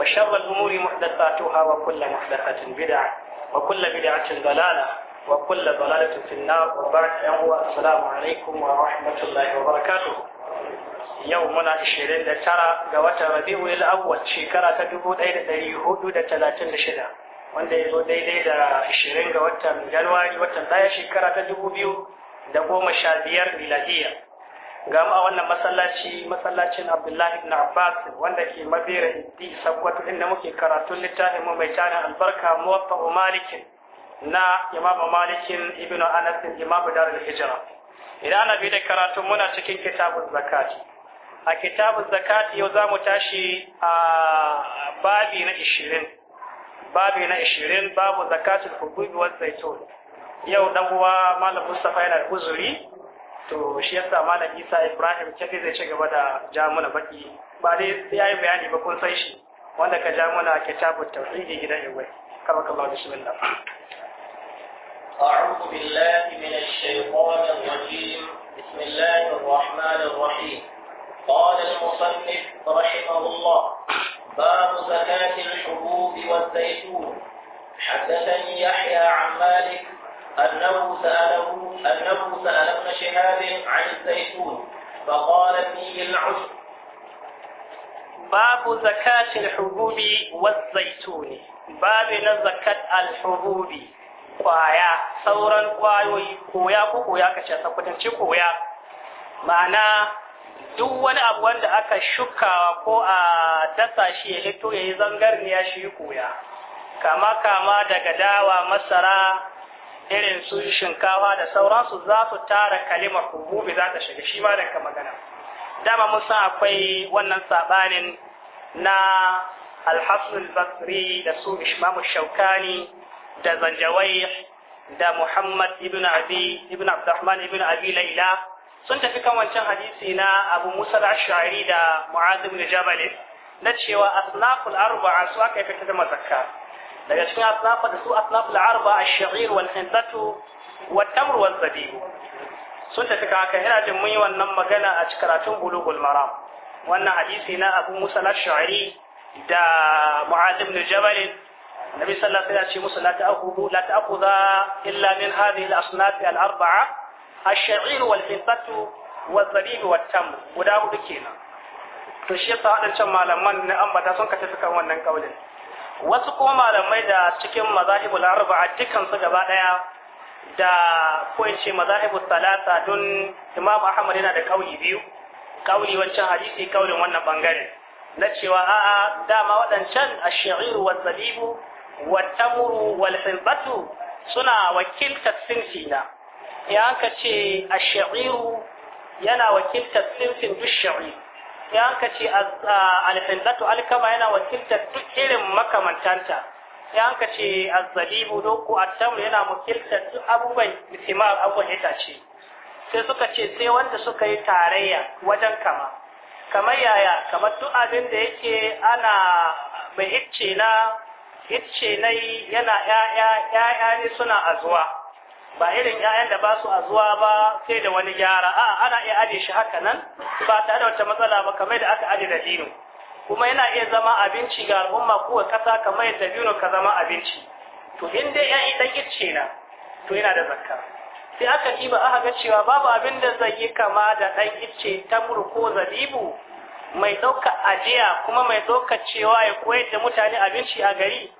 وشر الأمور محدثاتها وكل محدثة بدعة وكل بدعة ضلالة وكل ضلالة في النار وبعد أهو السلام عليكم ورحمة الله وبركاته يومنا 29 ga watan Rabiul Awwal shekara ta 1436 wanda ya zo daidai da 20 ga watan Januwari watan daya shekara ta 2015 miladiya ga ma wannan masallaci masallacin Abdullahi ibn Abbas wanda ke mabera di sakwato inda muke karatun littafin mu mai tare albarka muwaffa malikin na imamu malikin ibn anas imamu darul hijra idan na bi da karatun muna cikin kitabun zakati a kitabun zakati yau za mu tashi a babi na 20 babi na 20 babu zakatul hububi wa zaitun yau dan uwa malam Mustafa yana da uzuri to shi yasa malam Isa Ibrahim ce zai ci gaba da ja muna baki ba dai yayi bayani ba kun san shi wanda ka ja muna kitabut tauhidi gidan Ibrahim kama kallahu bismillah أعوذ بالله من الشيطان الرجيم بسم الله الرحمن الرحيم قال المصنف رحمه الله باب زكاة الحبوب والزيتون حدثني يحيى عن مالك أنه سأله أنه سأل ابن شهاب عن الزيتون فقال فيه العشر باب زكاة الحبوب والزيتون باب زكاة الحبوب kwaya sauran kwayoyi koya ko koya ka ce sakwatanci koya ma'ana duk wani abu wanda aka shukawa ko a dasa shi ya hito ya yi zangarniya shi koya kama kama daga dawa masara irin su shinkawa da sauransu za su tara kalimar hububi za ta shiga shi ma daga magana dama mun san akwai wannan sabanin na alhassan basri da su ishmamu shaukani da zanjawai da muhammad ibn abi ibn abdurrahman ibn abi laila sun tafi kan wancan hadisi na abu musa al-ash'ari da mu'adh ibn jabal na cewa asnaful arba'a su aka fita da mazakka daga cikin asnafa da su asnaf al-arba ash-sha'ir wal hindatu wa tamr wal zabib sun tafi haka ina jin mun yi wannan magana a cikin karatun bulugul maram wannan hadisi na Abu Musa al-Ash'ari da Mu'adh ibn Jabal Nabi sallallahu alaihi wasallam ya ce musu la ta'khudhu la ta'khudha illa min hadhihi al-asnaf al-arba'a ash-sha'ir wal hindatu wal zabib wat tamr guda hudu kenan to shi yasa wadancan malaman na ambata sun ka tafi kan wannan kaulin wasu kuma malamai da cikin mazahibul arba'a dukkan su gaba daya da ko in ce mazahibul salasa don Imam Ahmad yana da kauli biyu kauli wancan hadisi kaulin wannan bangare na cewa a'a dama waɗancan ash-sha'ir wa zabibu wa tamru al hilbatu suna wakiltar sinfina ya ka ce ash-sha'iru yana wakiltar sinfin dush ya an kace alhillatu alkama yana wakiltar duk irin makamantanta ya an kace azzalibu doku attamr yana wakiltar duk abubuwan mutimar abubuwan itace sai suka ce sai wanda suka yi tarayya wajen kama kamar yaya kamar duk abin da yake ana bai hicce na hicce na yana ya'ya ya'ya ne suna azuwa ba irin 'ya'yan da ba su a zuwa ba sai da wani gyara A'a ana iya aje shi haka nan ba tare da wata matsala ba kamar da aka aje da kuma yana iya zama abinci ga al'umma ko kasa kamar yadda dino ka zama abinci to in dai yi dan gicce na to yana da zakka sai aka diba aka ga cewa babu abin da zai yi kama da dan gicce ta ko zabibu mai ɗauka ajiya kuma mai ɗauka cewa ya koyar da mutane abinci a gari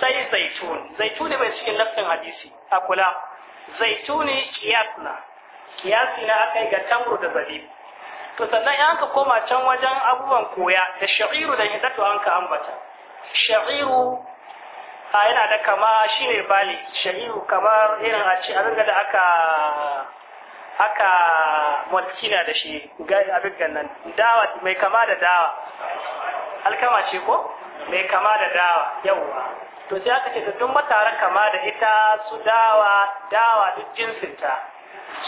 sai zaitun zaitun ne mai cikin lafin hadisi a kula zaituni kiyas na kiyasi na akai ga tamru da zabib to sannan in ka koma can wajen abubuwan koya da sha'iru da hidatu an ka ambata sha'iru a yana da kama shine bali sha'iru kamar irin a ce abin da aka aka mulkina da shi abin nan. dawa mai kama da dawa alkama ce ko mai kama da dawa yawwa to sai aka ce to tun ba tare kama da ita su dawa dawa duk jinsinta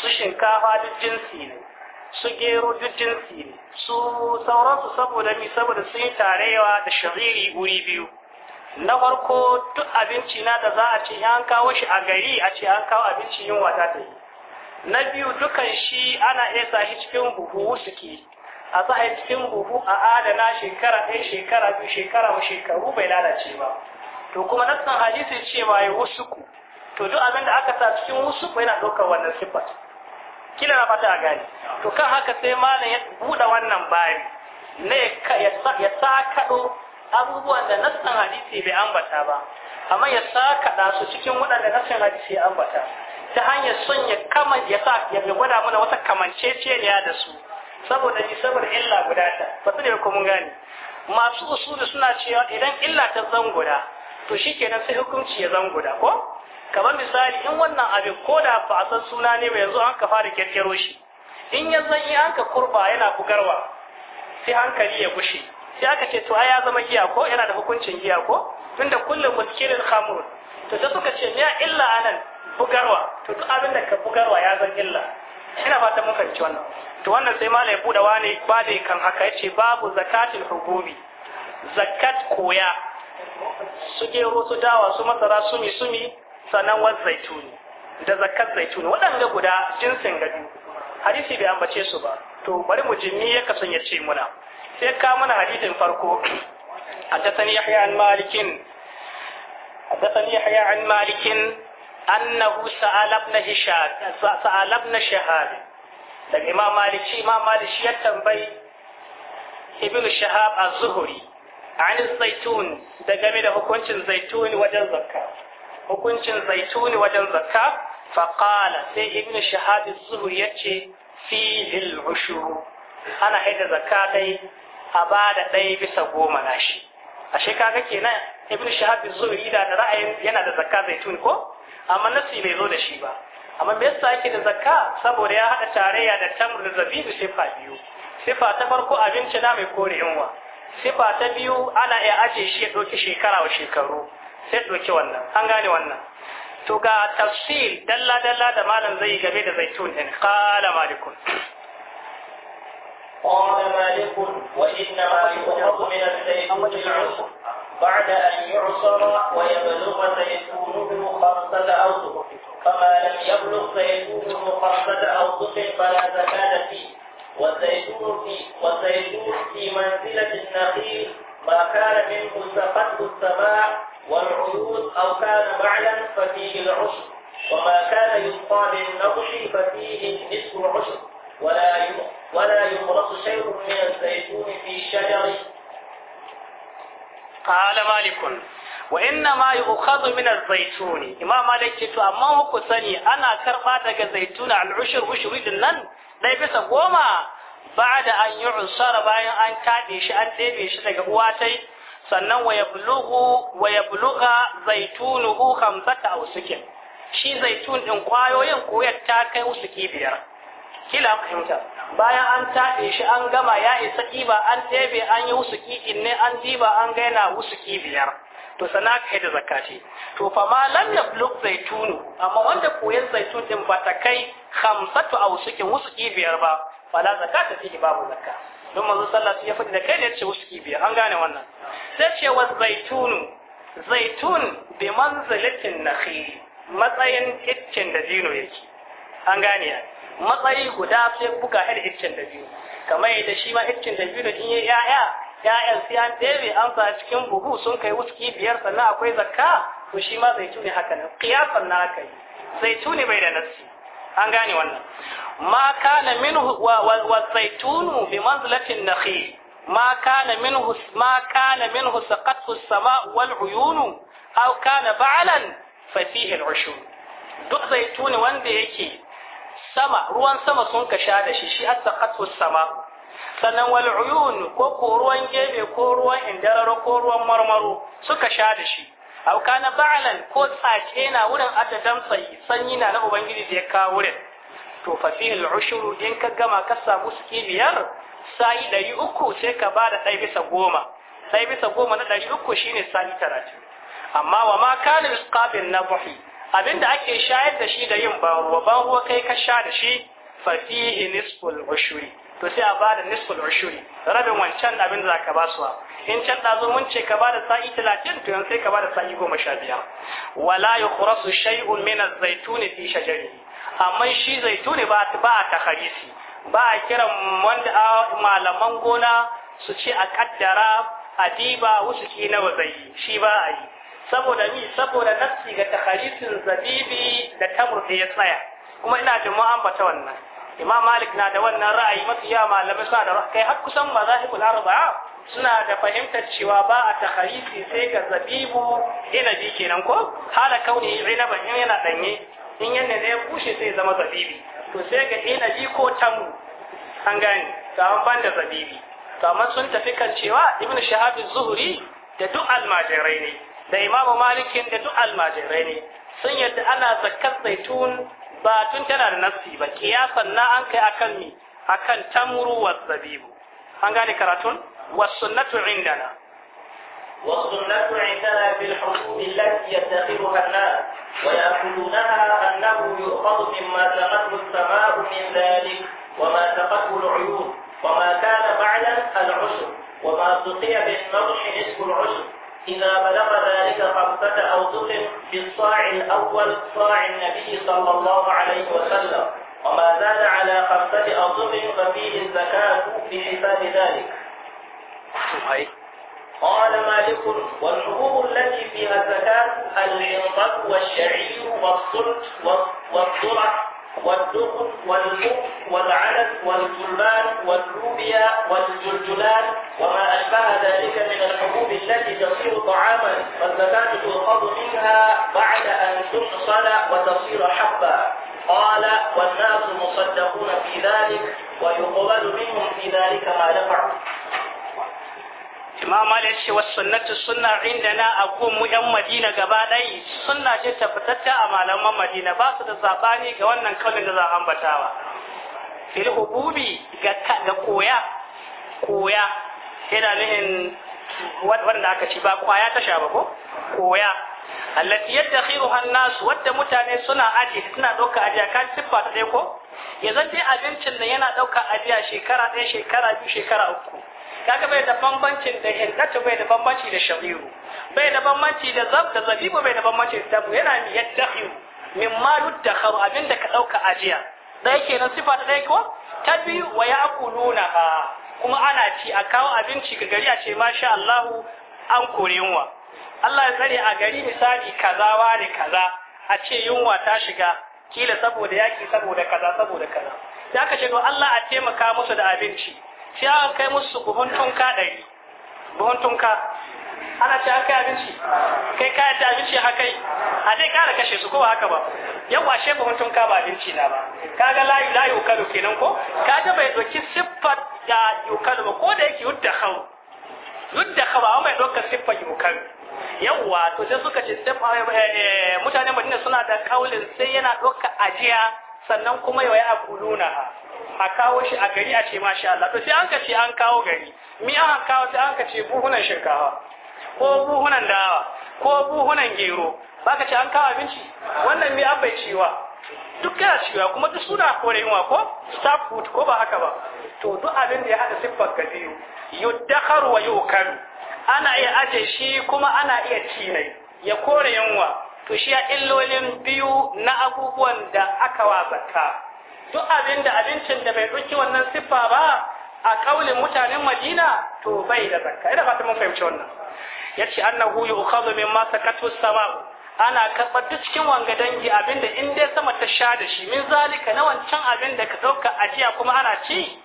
su shinkafa duk jinsi ne su gero duk jinsi ne su sauransu saboda mi saboda sun yi tarewa da shariri guri biyu na farko duk abinci na da za a ce an kawo shi a gari a ce an kawo abinci yin wata ta yi na biyu dukan shi ana iya sa shi cikin buhu suke a sa shi cikin buhu a adana shekara ɗaya shekara biyu shekara mu shekaru bai lalace ba to kuma nassan hadisi cewa ya wusuku to duk abin da aka sa cikin wusuku yana ɗaukar wannan siffar kila na fata a gani to kan haka sai malam ya buɗe wannan bayan ne ya sa kaɗo abubuwan da nassan hadisi bai ambata ba amma ya sa kaɗa su cikin waɗanda nassan hadisi ya ambata ta hanyar son ya kama ya sa ya gwada mana wata kamanceceniya da su saboda ni saboda illa guda ta ba su ne ko mun masu usuli suna cewa idan illa ta zan guda to shi kenan sai hukunci ya zan guda ko kamar misali in wannan abin ko da ba a san suna ne ba yanzu an ka fara kirkiro shi in ya zan yi an ka kurba yana bugarwa sai hankali ya gushe sai aka ce to ai ya zama giya ko yana da hukuncin giya ko tunda kullum muskirin khamrun to sai suka ce ya illa anan bugarwa to duk abin da ka bugarwa ya zan illa ina fata mun fahimci wannan to wannan sai malai budawa ne ba dai kan haka yace babu zakatul hukumi zakat koya su gero su dawa su masara su mi su mi sannan wa zaituni da zakkar zaituni waɗanda guda jinsin gabi hadisi bai ambace su ba to bari mu jimi ya kasance muna sai ka mana hadisin farko haddathani yahya an malikin haddathani yahya an malikin annahu sa'ala ibn hishab sa'ala ibn shahab daga imam maliki imam maliki ya tambayi ibn shahab az-zuhri an zaitun da game da hukuncin zaituni wajen zakka hukuncin sai ibn shahab az-zuhri yace fihi al ana haida zakka dai a bada dai bisa goma nashi ashe kaga kenan ibn shahab az-zuhri da ra'ayin yana da zakka zaituni ko amma nasi mai zo da shi ba amma me yasa yake da zakka saboda ya haɗa tarayya da tamr da zabibu sifa biyu sifa ta farko abinci na mai kore 'yanwa. sifa ta biyu ana iya aje shi ya ɗauki shekara wa shekaru sai ɗauki wannan an gane wannan to ga tafsil dalla dalla da malam zai game da zaitun din qala malikun qala malikun wa inna ma قال مالك وإنما يؤخذ من الزيتون العصر بعد أن يعصر ويبلغ زيتونه خمسة أوسق فما لم يبلغ زيتونه خمسة أوسق فلا zakata فيه وسيكون في وسيكون في منزلة النخيل ما كان منه سقطه السماء والعيون أو كان معلا ففيه العشر وما كان يسقى بالنقش ففيه النصف عشر ولا ولا يمرص شيء من الزيتون في شجره قال مالك وإنما يؤخذ من الزيتون إمام مالك تو أما هو كسني أنا كربا daga zaituna al-ushur ushuri لن ɗaya bisa goma ba da an yi usara bayan an kaɗe shi an ɗebe shi daga uwa ta sannan waya ya buluga zaitunuhu hamsata a usukin shi zaitun ɗin ƙwayoyin koyar ta kai usuki biyar kila fahimta bayan an taɗe shi an gama ya isa ƙiba an ɗebe an yi usuki in ne an diba an gaina usuki biyar to sana ka da zakati to fa ma lam buluk zaitunu amma wanda koyar zaitun ɗin ba ta kai khamsatu awsukin wusuki biyar ba fala zakata fihi babu zakka don manzo sallallahu ya faɗi da kai ne ya ce wusuki biyar an gane wannan sai ce wa zaitunu zaitun bi manzilatin nakhili matsayin iccen da dino yake an gane ya matsayi guda sai buga da iccen da jino. kamar yadda shi ma iccen da jino din in yi ya'ya ya'yan sai an ɗebe an sa cikin buhu sun kai wusuki biyar sannan akwai zakka to shi ma zaitun ne haka nan qiyasan na kai. Zaitun ne bai da nassi an gane wannan ma kana minhu wa zaitunu bi manzilatin nakhil ma kana minhu ma kana minhu saqatu as-sama'u wal 'uyunu aw kana ba'lan fa fihi al-'ushur duk zaituni wanda yake sama ruwan sama sun ka sha da shi shi as-saqatu as sannan wal 'uyun ko ko ruwan gebe ko ruwan indararo ko ruwan marmaro suka sha da shi aw kana ba'lan ko tsace na wurin addadan sai sanyi na na ubangiji da ya kawo wurin to fa fihi al in ka gama ka samu suke biyar sai uku sai ka ba da bisa goma sai bisa goma na ɗari uku shine sai talatin amma wa ma kana misqabin nabhi abinda ake shayar da shi da yin ban ruwa ban ruwa kai ka sha da shi fa fihi nisful ushuri to sai a bada nisful ushuri rabin wancan abin da ka basuwa in can da zo mun ce ka bada sa'i 30 to sai ka bada sa'i 15 wala yukhrasu shay'un min az-zaytuni fi shajari amma shi zaituni ba ba a kharisi ba a kiran wanda malaman gona su ce a kaddara adiba wasu ki na zai shi ba a yi saboda ni saboda nafsi ga takharisin zabibi da tamur da ya tsaya kuma ina jama'a bata wannan imam malik na da wannan ra'ayi mafiya malamai suna da kai har kusan mazahibul arba'a suna da fahimtar cewa ba a takharisi sai ga zabibu inabi kenan ko hala kauni inaba in yana danye in yanne ne bushe sai zama zabibi to sai ga bi ko tamu an gane to da zabibi to amma sun tafi kan cewa ibn shahab zuhri da duk almajirai ne da imam malikin da duk almajirai ne sun yadda ana zakkar zaitun ba tun tana da nafsi ba kiyasan na an kai akan mi akan tamru wa zabibu an gane karatun wa sunnatu indana والسنة عندنا في الحكم التي يتخذها الناس ويأخذونها أنه يؤخذ مما تنقل السماء من ذلك وما تقته العيون وما كان بعدا العشر وما سقي بالنضح نصف العشر إذا بلغ ذلك خمسة أوسق في الصاع الأول صاع النبي صلى الله عليه وسلم وما زاد على خمسة أوسق ففيه الزكاة بحساب ذلك قال مالك والحبوب التي فيها الزكاة العنطة والشعير والصلت والصرة والدخن والمخ والعدس والجلبان واللوبيا والجلجلان وما أشبه ذلك من الحبوب التي تصير طعاما فالزكاة تؤخذ منها بعد أن تحصل وتصير حبا قال والناس مصدقون في ذلك ويقبل منهم في ذلك ما دفعوا imam ya ce wasu sunnatu sunna inda na a mu yan madina gaba ɗai sunna ce tabbatatta a malaman madina ba su da zabani ga wannan kaulin da za a ambatawa fil hububi ga ga koya koya yana nuhin wanda aka ci ba kwaya ta sha ba ko koya allati yadakhiruha an-nas wadda mutane suna aje suna dauka aje kan siffa ta dai ko yanzu dai abincin da yana dauka aje shekara ɗaya shekara biyu shekara uku kaga bai da bambancin da hillatu bai da bambanci da shari'u bai da bambanci da zab da zabibu bai da bambanci da tabu yana mi yaddahiru min ma yuddaharu abinda ka dauka ajiya da yake na sifa da dai ko ta biyu wa yaquluna ha kuma ana ci a kawo abinci ga gari a ce masha Allah an kore yunwa Allah ya tsare a gari misali kaza wa ne kaza a ce yunwa ta shiga kila saboda yaki saboda kaza saboda kaza da aka ce to Allah a taimaka musu da abinci shi an kai musu buhun tunka ɗari buhun tunka ana ce an kai abinci kai kayan da abinci haka kai a dai kara kashe su kowa haka ba yau ashe buhun tunka ba abinci na ba kaga layu layu kalu kenan ko Ka kaga bai doki siffar da yukalu ba ko da yake yudda hau yudda hau ba mai dokar siffar yukalu yawwa to sai suka ce eh, eh, mutanen madina suna da kaulin sai yana ɗauka ajiya sannan kuma yau ya kuluna a kawo shi a gari a ce mashi Allah to sai an ka ce an kawo gari mi an kawo sai an ka ce buhunan shinkawa ko buhunan dawa ko buhunan gero Ba ka ce an kawo abinci wannan mi an bai ciwa duk kana ciwa kuma duk suna kore yunwa ko staff food ko ba haka ba to duk abin da ya hada siffar ka biyu yuddakar wa yukan ana iya aje shi kuma ana iya cinai. ya kore yunwa to shi ya illolin biyu na abubuwan da aka wa zakka duk abin da abincin da bai ɗauki wannan siffa ba a ƙaunin mutanen Madina to bai da zakka ina fata mun fahimci wannan Ya ce, yace uka domin masa sakatu sama ana karɓar duk cikin wanga dangi abinda in dai sama ta sha da shi min zalika na wancan abin da ka ɗauka ajiya kuma ana ci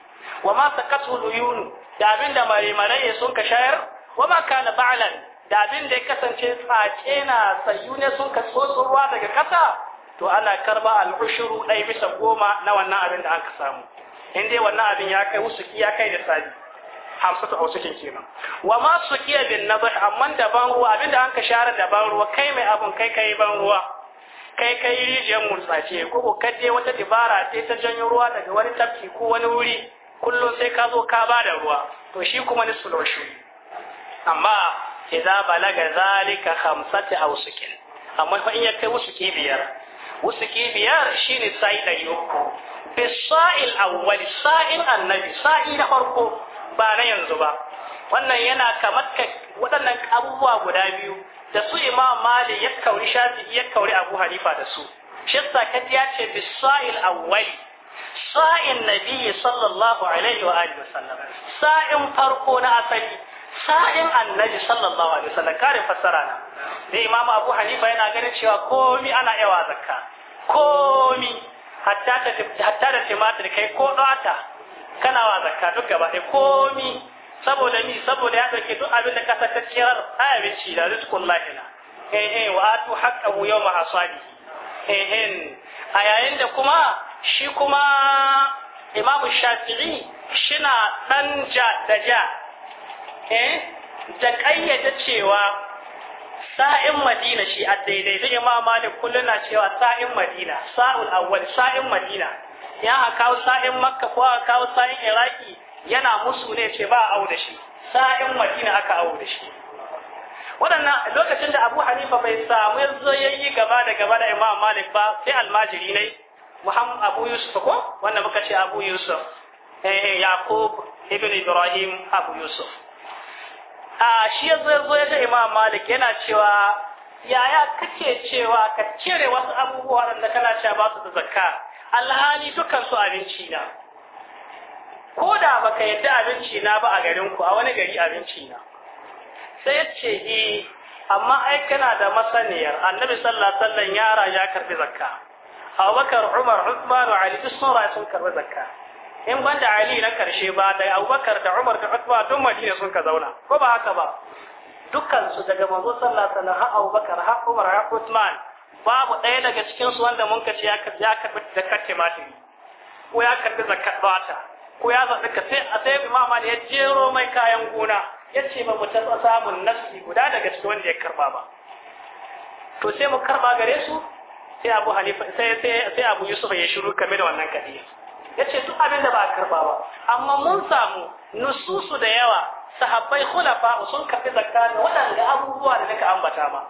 wa masa sakatu luyunu da abin da mare mare sun ka shayar wa ma kana ba'lan da abin da ya kasance tsace na sayu ne sun ka tsotso ruwa daga ƙasa to ana karba al'ushuru ɗaya bisa goma na wannan abin da aka samu in dai wannan abin ya kai wusuki ya kai da sadi hamsa ta hausa kenan wa ma su kiya bin nazar amma da ban ruwa abin da an ka share da ban ruwa kai mai abun kai kai ban ruwa kai kai rijiyar murtsace ko ko kaje wata dibara ce ta janyo ruwa daga wani tafki ko wani wuri kullum sai ka zo ka ba da ruwa to shi kuma ni ushuri amma idza balaga zalika khamsati awsukin amma in ya kai wusuki biyar wusuki biyar shine sa'i ɗari uku fi sa'il awwal annabi sa'i na ba na yanzu ba wannan yana kamar waɗannan abubuwa guda biyu da su imam malik ya kauri shafi'i ya kauri abu hanifa da su shi sakat ce bi sa'il awwal sa'in nabiyyi sallallahu alaihi wa alihi wasallam sa'in farko na asali sa'in annabi sallallahu alaihi wasallam kare fassara na da imamu abu hanifa yana ganin cewa komi ana yawa zakka komi hatta da timatir kai ko ɗata kana wa zakka duk gaba ɗaya komi saboda ni saboda ya ɗauke duk abin da ka saka cirar abinci da rizqul lahina eh eh wa atu haqqahu yawma hasadi eh eh a yayin da kuma shi kuma imam shafi'i shina dan ja da ja eh da kayyade cewa sa'in madina shi a daidai da imam malik kullum na cewa sa'in madina sa'ul awwal sa'in madina ya a kawo sa'in makka ko a kawo sa'in iraki yana musu ne ce ba a au da shi sa'in madina aka au da shi waɗannan lokacin da abu hanifa bai samu ya zo gaba da gaba da imam malik ba sai almajiri ne muhammad abu yusuf ko wanda muka ce abu yusuf eh, eh yaqub ibn ibrahim abu yusuf a shi ya zo ya ga imam malik yana cewa yaya kake cewa ka cire wasu abubuwa da kana cewa ba su da zakka alhali dukkan su abinci na ko da baka yadda abinci na ba a garin ku a wani gari abinci na sai ce yi, e, amma ai kana da masaniyar annabi sallallahu alaihi wasallam ya raja karbi zakka abubakar umar usman ali duk sun rayu sun karbi zakka in ban da Ali na karshe ba da Abubakar da Umar da Uthman duk Madina sun ka zauna ko ba haka ba dukkan su daga manzo sallallahu alaihi wasallam ha Abubakar ha Umar ha Uthman babu ɗaya daga cikin su wanda mun kace ya karbi ya karbi zakat timatiri ko ya karbi zakat bata ko ya zaɓi ka sai a sai Imam Ali ya jero mai kayan gona Ya ce ba mu taɓa samun nafsi guda daga cikin wanda ya karba ba to sai mu karba gare su sai Abu Hanifa sai sai Abu Yusuf ya shiru kame da wannan kadiya Ya ce duk abin da ba a karba ba amma mun samu nususu da yawa sahabbai khulafa sun karbi zakka da waɗanda abubuwa da nika ambata ma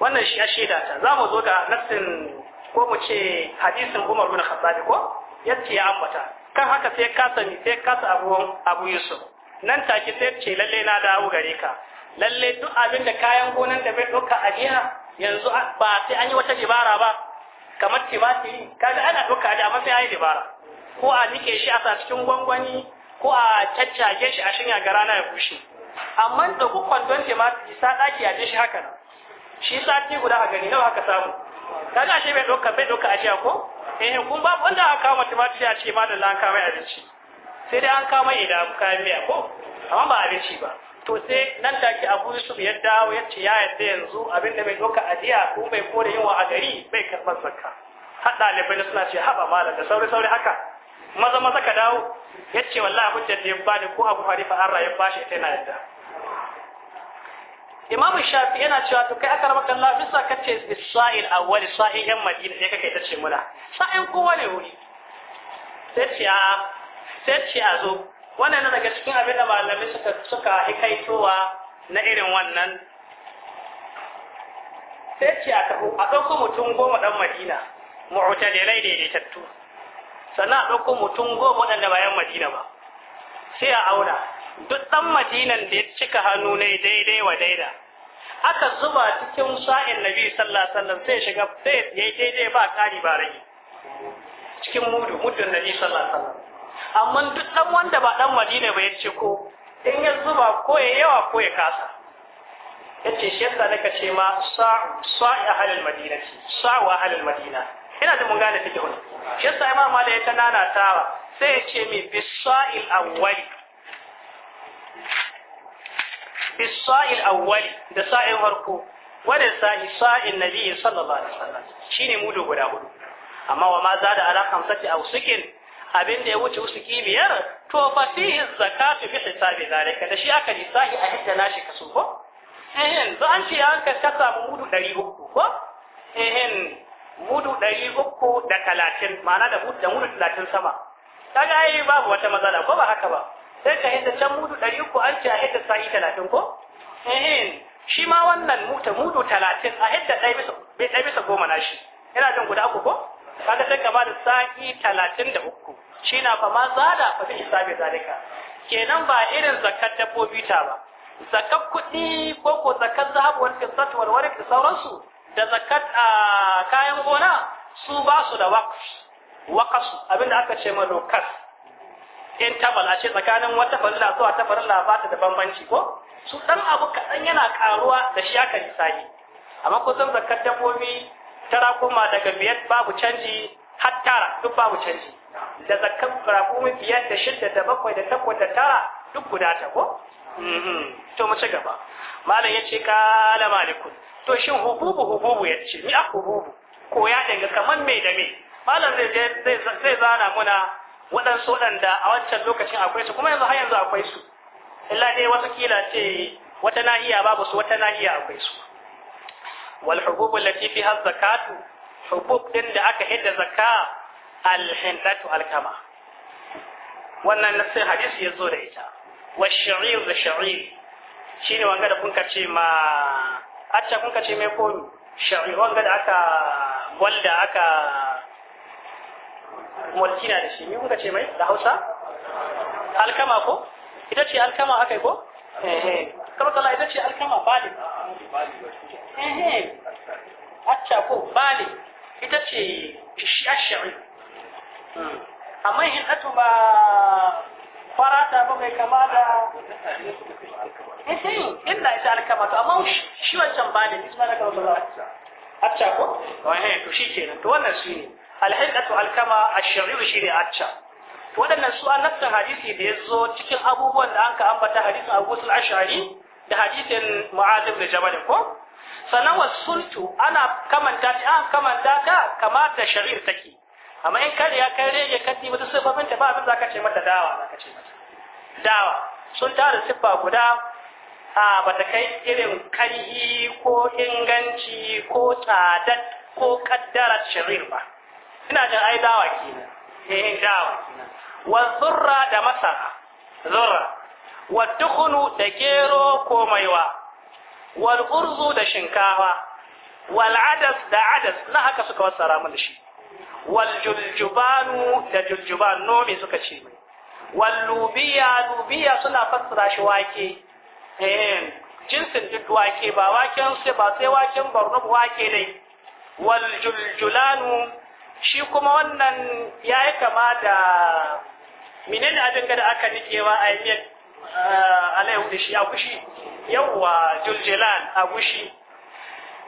wannan shi ya shaida ta za mu zo ga nassin ko mu ce hadisin Umar bin Khattab ko yace ya ambata kan haka sai ka kasa sai ka abu abu Yusuf nan take sai ce lalle na dawo gare ka lalle duk abin da kayan gonan da bai doka a jiya yanzu ba sai an yi wata dibara ba kamar timatiri kaga ana ɗauka da amma sai yi dabara ko a nike shi a sa cikin gwangwani ko a caccage shi a shanya gara na ya bushe amma da ku kwandon timatiri sa ɗaki a ji shi haka shi sati guda a gani nawa haka samu kaga ashe bai ɗauka bai ɗauka ajiya ko eh kun ku? wanda aka kawo timatiri a ce ma da lanka mai abinci sai dai an kawo mai idan kayan miya ko amma ba abinci ba to sai nan take abu yusuf ya dawo ya ce ya yadda yanzu abinda bai doka ajiya ko bai kore wa a gari bai karɓar zakka har ɗalibai da suna ce haɓa malam da sauri sauri haka maza maza ka dawo ya ce wallahi hujjar da ya bani ko abu harifa an rayu bashi ita yana yadda imamu shafi yana cewa to kai aka rabar Allah bisa ka ce a wani sa'in yan madina sai kake ta ce muna sa'in kowane wuri sai ce a zo wannan daga cikin abin da malamai suka suka hikaitowa na irin wannan sai ce a ɗauko mutum goma ɗan madina da daidaitattu sannan a ɗauko mutum goma ɗan da bayan madina ba sai a auna duk ɗan madinan da ya cika hannu ne daidai wa daida aka zuba cikin sa'in nabi sallallahu alaihi wasallam sai shiga sai ya yi daidai ba kari ba rai cikin mudu mudun nabi sallallahu alaihi wasallam amma duk dan wanda ba dan madina ba yace ko in ya zuba ko ya yawa ko ya kasa yace shi yasa naka ce ma sa'u sa'i ahlul sa sa'u halin madina ina da mun gane take wani shi yasa imam malai ya ta tawa sai ya ce mi bisa'il awwali sa'il awwali da sa'in farko wanda sa'i sa'in nabi sallallahu alaihi wasallam shine mudu guda hudu amma wa ma zada ala khamsati aw sukin abin da ya wuce wasu kibiyar to fa fihi zakatu bi hisabi zalika da shi aka lissahi a hidda nashi kaso ko eh za an ce an ka samu mudu 300 ko eh mudu 300 da 30 ma'ana da mudu da mudu 30 sama kaga ai babu wata matsala ko ba haka ba sai ka hidda can mudu 300 an ce a hidda sa'i 30 ko eh shi ma wannan muta mudu 30 a hidda ɗaya bisa ɗaya bisa goma nashi ina jin guda uku ko kada ta gaba da sa'i talatin da uku shi na fa ma zada fa fi hisabi zalika kenan ba irin zakar dabbobi ta ba zakat kuɗi ko ko zakat zahabu wal fiddatu wal da sauransu da a kayan gona su ba su da waqf waqf abinda aka ce ma lokas interval a ce tsakanin wata farilla zuwa ta farilla ba ta da bambanci ko su dan abu kaɗan yana karuwa da shi aka lissafi amma kusan zakar dabbobi tara kuma daga biyar babu canji har tara duk babu canji da zakkan raƙumi biyar da shidda da bakwai da takwas da tara duk guda ta ko mhm. to mu ci gaba malam yace kala malikun to shin hububu hububu yace mi a hububu ko ya danga kaman me da me malam zai zai zana muna waɗansu waɗanda a wancan lokacin akwai su kuma yanzu har yanzu akwai su illa dai wata kila ce wata nahiya babu su wata nahiya akwai su wal hububu lati fiha zakatu hubub din da aka hidda zakka al hindatu al kama wannan nasin hadisi yazo da ita wa sha'ir da sha'ir shine wanga da kun kace ma acca kun kace mai komi sha'ir wanga da aka wanda aka mulkina da shi ni kuka ce mai da Hausa alkama ko ita ce alkama akai ko eh eh aka ita ce alkama bali acca ko bali ita ce shashiri hmm. amma yin hatu ba farata ba mai kama da inda ita alkama to amma shi wancan bali ne suna da kama acca ko to shi kenan to wannan su ne alhidatu alkama shi ne acca waɗannan su an hadisi da ya zo cikin abubuwan da an ka ambata hadisin abu sul da hadisin Mu'adh ibn Jabal ko sannan wasultu ana kamanta ta an kamanta ta kamata shari'ar take amma in kare ya kai rege kati wata sifofin ta ba abin zaka ce mata dawa zaka ce mata dawa sun tara siffa guda a bata kai irin karhi ko inganci ko tsada ko kaddara sharir ba ina jin ai dawa kenan eh dawa kenan wa zurra da masara zurra والدخن da gero ko دشنكاوا والعدس دعدس da shinkafa wal adas da adas na haka suka fassara mana shi wal juljubanu da juljuban nomi suka ce mai wal suna fassara shi wake eh, waken Borno wake ne shi kuma wannan yayi kama da menene abin da aka nikewa a Eh, alayhu da shi yawwa juljilan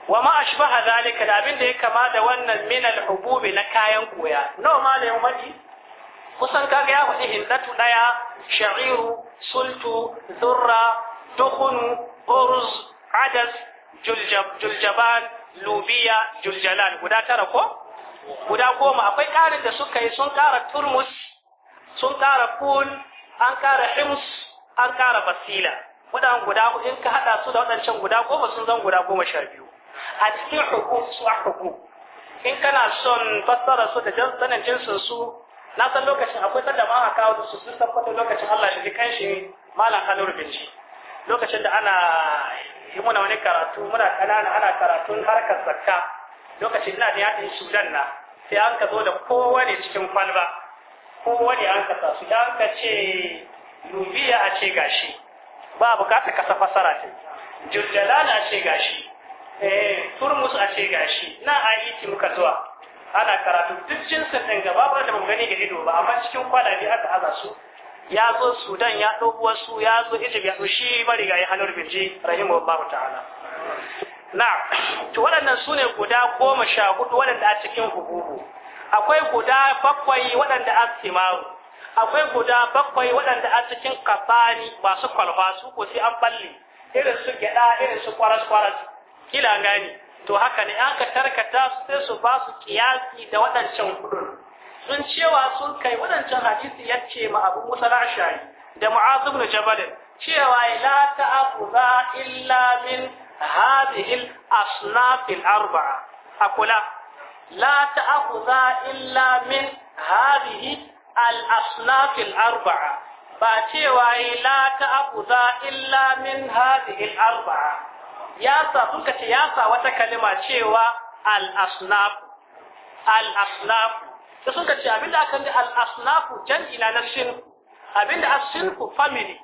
wa ma ashbaha zalika da abin da ya kama da wannan min al-hububi na kayan koya nawa ne, maji kusan kaga ya faɗi hindatu daya sha'iru sultu zurra dukhunu urz adas juljaban lubiya juljalan guda tara ko guda goma akwai ƙarin da suka yi sun ƙara turmus sun ƙara pool an ƙara himus. an ƙara basila waɗannan guda in ka haɗa su da waɗancan guda goma sun zan guda goma sha biyu a cikin hukum su a hukum in kana son fassara su da sanin jinsin su na san lokacin akwai sanda ma aka kawo su sun tabbatar lokacin Allah shi kan shi malam Kano Binci lokacin da ana yi muna wani karatu muna kanana ana karatun harkar zakka lokacin ina da yaɗin Sudan na sai an ka zo da kowane cikin kwalba kowane an ka sa su da an ka ce rubiya a ce gashi ba bukata kasa fasara ce. jujjalala a ce gashi eh turmus a ce gashi na aiki muka zuwa ana karatu duk jinsin ɗin gaba ba da mun gani da ido ba amma cikin ne aka haza su ya zo sudan ya ɗaukuwa wasu ya zo egypt ya ɗau shi mariga ya hannun wa babu ta'ala na to waɗannan su ne guda goma sha hudu waɗanda a cikin hukuku akwai guda bakwai waɗanda a simaru akwai guda bakwai waɗanda a cikin kafani masu kwalfa su ko sai an balle irin su gyaɗa irin su kwaras kwaras kila gani to haka ne an ka tarkata su sai su ba su kiyasi da waɗancan kudin sun cewa sun kai waɗancan hadisi ya ce ma abu musa ashari da mu'azu ibn jabal cewa la ta'khudha illa min hadhihi al-asnaf al-arba'a akula la ta'khudha illa min hadhihi al-asnaf arbaa ba cewa yi la ta'khudha illa min hadhihi arbaa ya sa suka ce ya sa wata kalima cewa al-asnaf al da suka ce abinda aka ji Al'asnafu asnaf jam'i na shin abinda as-sinfu family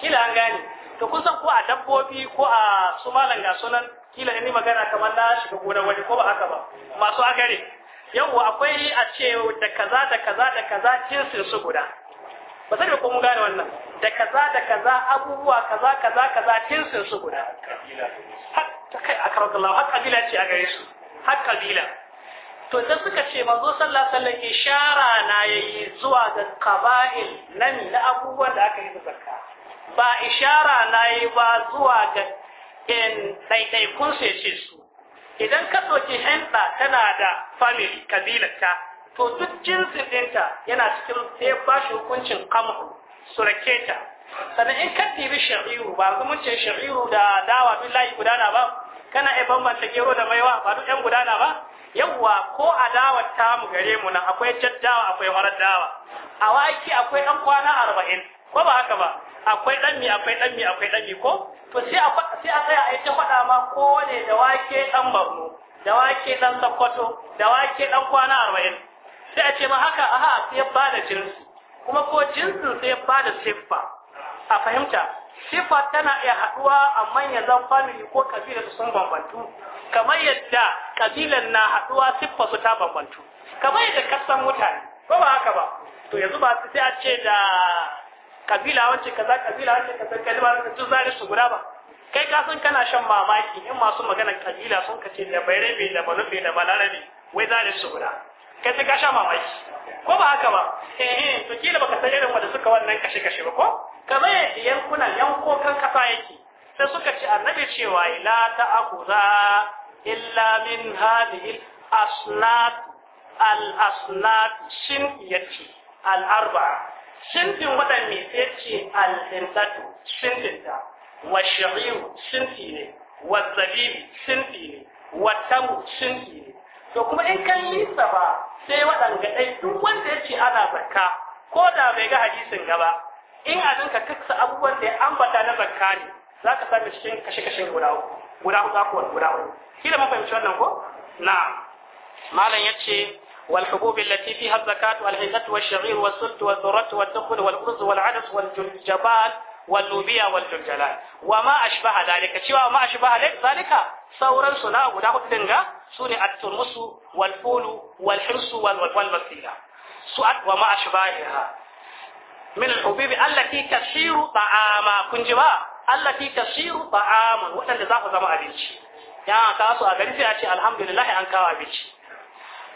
kila an gani, to kun san ko a dabbobi ko a su malan ga sunan kila ni magana kamar na shiga gona wani ko ba haka ba masu agare yawa akwai a ce da kaza da kaza da kaza jinsin su guda ba zai ko mun gane wannan da kaza da kaza abubuwa kaza kaza kaza jinsin su guda har kai Allah kabila ce a gare su har kabila to idan suka ce manzo sallallahu alaihi wasallam ishara na yayi zuwa ga kaba'il nan na abubuwan da aka yi zakka ba ishara na yayi ba zuwa ga in eh, ɗaiɗaikun su ya ce su idan ka ɗauki henda tana da family kabilarta to duk jinsin ɗinta yana cikin sai ba shi hukuncin kamhu surake ta sannan in ka ɗibi shari'u ba mun shari'u da dawa layi gudana ba kana iya bambanta gero da maiwa ba duk yan gudana ba yawwa ko a dawa ta mu gare mu na akwai jaddawa akwai marar dawa a waki akwai ɗan kwana arba'in ko ba haka ba akwai dan mi akwai dan mi akwai dan mi ko to sai a sai a tsaya a yi ta faɗa ma ko ne da wake dan barno da wake dan sakkwato da wake dan kwana arba'in sai a ce ma haka aha sai ba da jinsi kuma ko jinsin sai ba da siffa a fahimta siffa tana iya haɗuwa a manyan zan family ko kabila su sun bambantu kamar yadda kabilan na haɗuwa siffa su ta bambantu kamar yadda kasan mutane ko ba haka ba to yanzu ba sai a ce da kabila wacce kaza kabila wacce kaza kalma ka duk zare su guda ba kai ka san kana shan mamaki in masu magana kabila sun kace da bai da banufe da balarabe wai zare su guda kai sai ka sha mamaki ko ba haka ba eh to kila baka san irin wanda suka wannan kashe kashe ba ko kamar yadda yankunan yankokan kasa yake sai suka ce annabi cewa la ta'khudha illa min hadhihi al-asnat al-asnat shin yati al-arba'a sinfin waɗanne sai ce alhirtatu sinfinta wa Shari'u sinfi ne wa zabibi sinfi ne wa tamu sinfi ne to kuma in kan lisa ba sai waɗanga ɗai duk wanda ya ce ana zakka ko da bai ga hadisin gaba in abin ka kaksa abubuwan da ya ambata na zakka ne za ka sami cikin kashe-kashe guda uku guda uku guda uku kila wannan ko na malam ya ce والحبوب التي فيها الزكاة والحنة والشعير والسلت والذرة والنخل والأرز والعدس والجبال واللوبيا والجلجلات وما أشبه ذلك شوى وما أشبه ذلك ثورا سنا غدا هدنغا سوني الترمس والفول والحرص والمسيلة سؤال وما أشبهها من الحبوب التي تسير طعاما كنجبا التي تسير طعاما وأن ذاك زمان أبنشي يعني كاسو أبنشي أشي الحمد لله أنكا أبنشي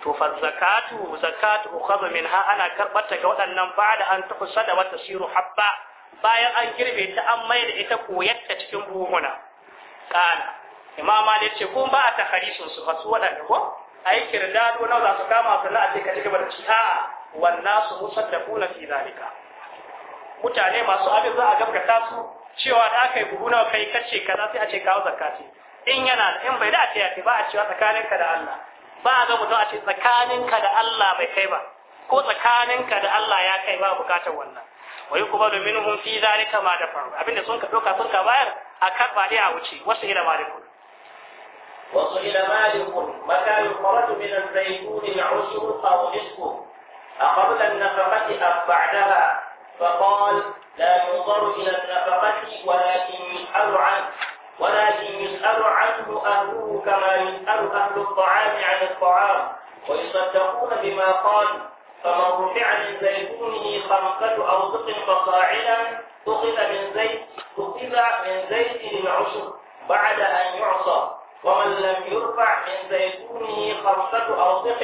to fa zakatu zakatu ukhadha minha ana karbata ga waɗannan da an sada wata siru habba bayan an girbe ta an mai da ita koyatta cikin buhuna kana imam malik ce kun ba a taharisun su fa su waɗanda ko ai do na za su kama su na ce ka cigaba da ci a'a wannan su musaddaquna fi zalika mutane masu abin za a gaskata su cewa da aka yi buhuna kai kace kaza sai a ce kawo zakati in yana in bai da a ce ba a cewa tsakaninka da Allah ba ga mutum a ce tsakaninka da Allah bai kai ba ko tsakaninka da Allah ya kai ba bukatar wannan wai kuma domin hun fi zalika ma da faru abinda sun ka doka sun ka bayar a karba dai a wuce wasu ila malikun wasu ila malikun maka yuqaratu min az-zaytun al-ushur aw nisfu aqabla an-nafaqati am ba'daha fa qala la yunzaru ila an-nafaqati walakin yusalu 'an ولكن يسأل عنه أهله كما يسأل أهل الطعام عن الطعام ويصدقون بما قال فمن رفع من زيتونه خمسة أوسق فصاعدا أخذ من زيت أخذ من زيت العشر بعد أن يعصى ومن لم يرفع من زيتونه خمسة أوسق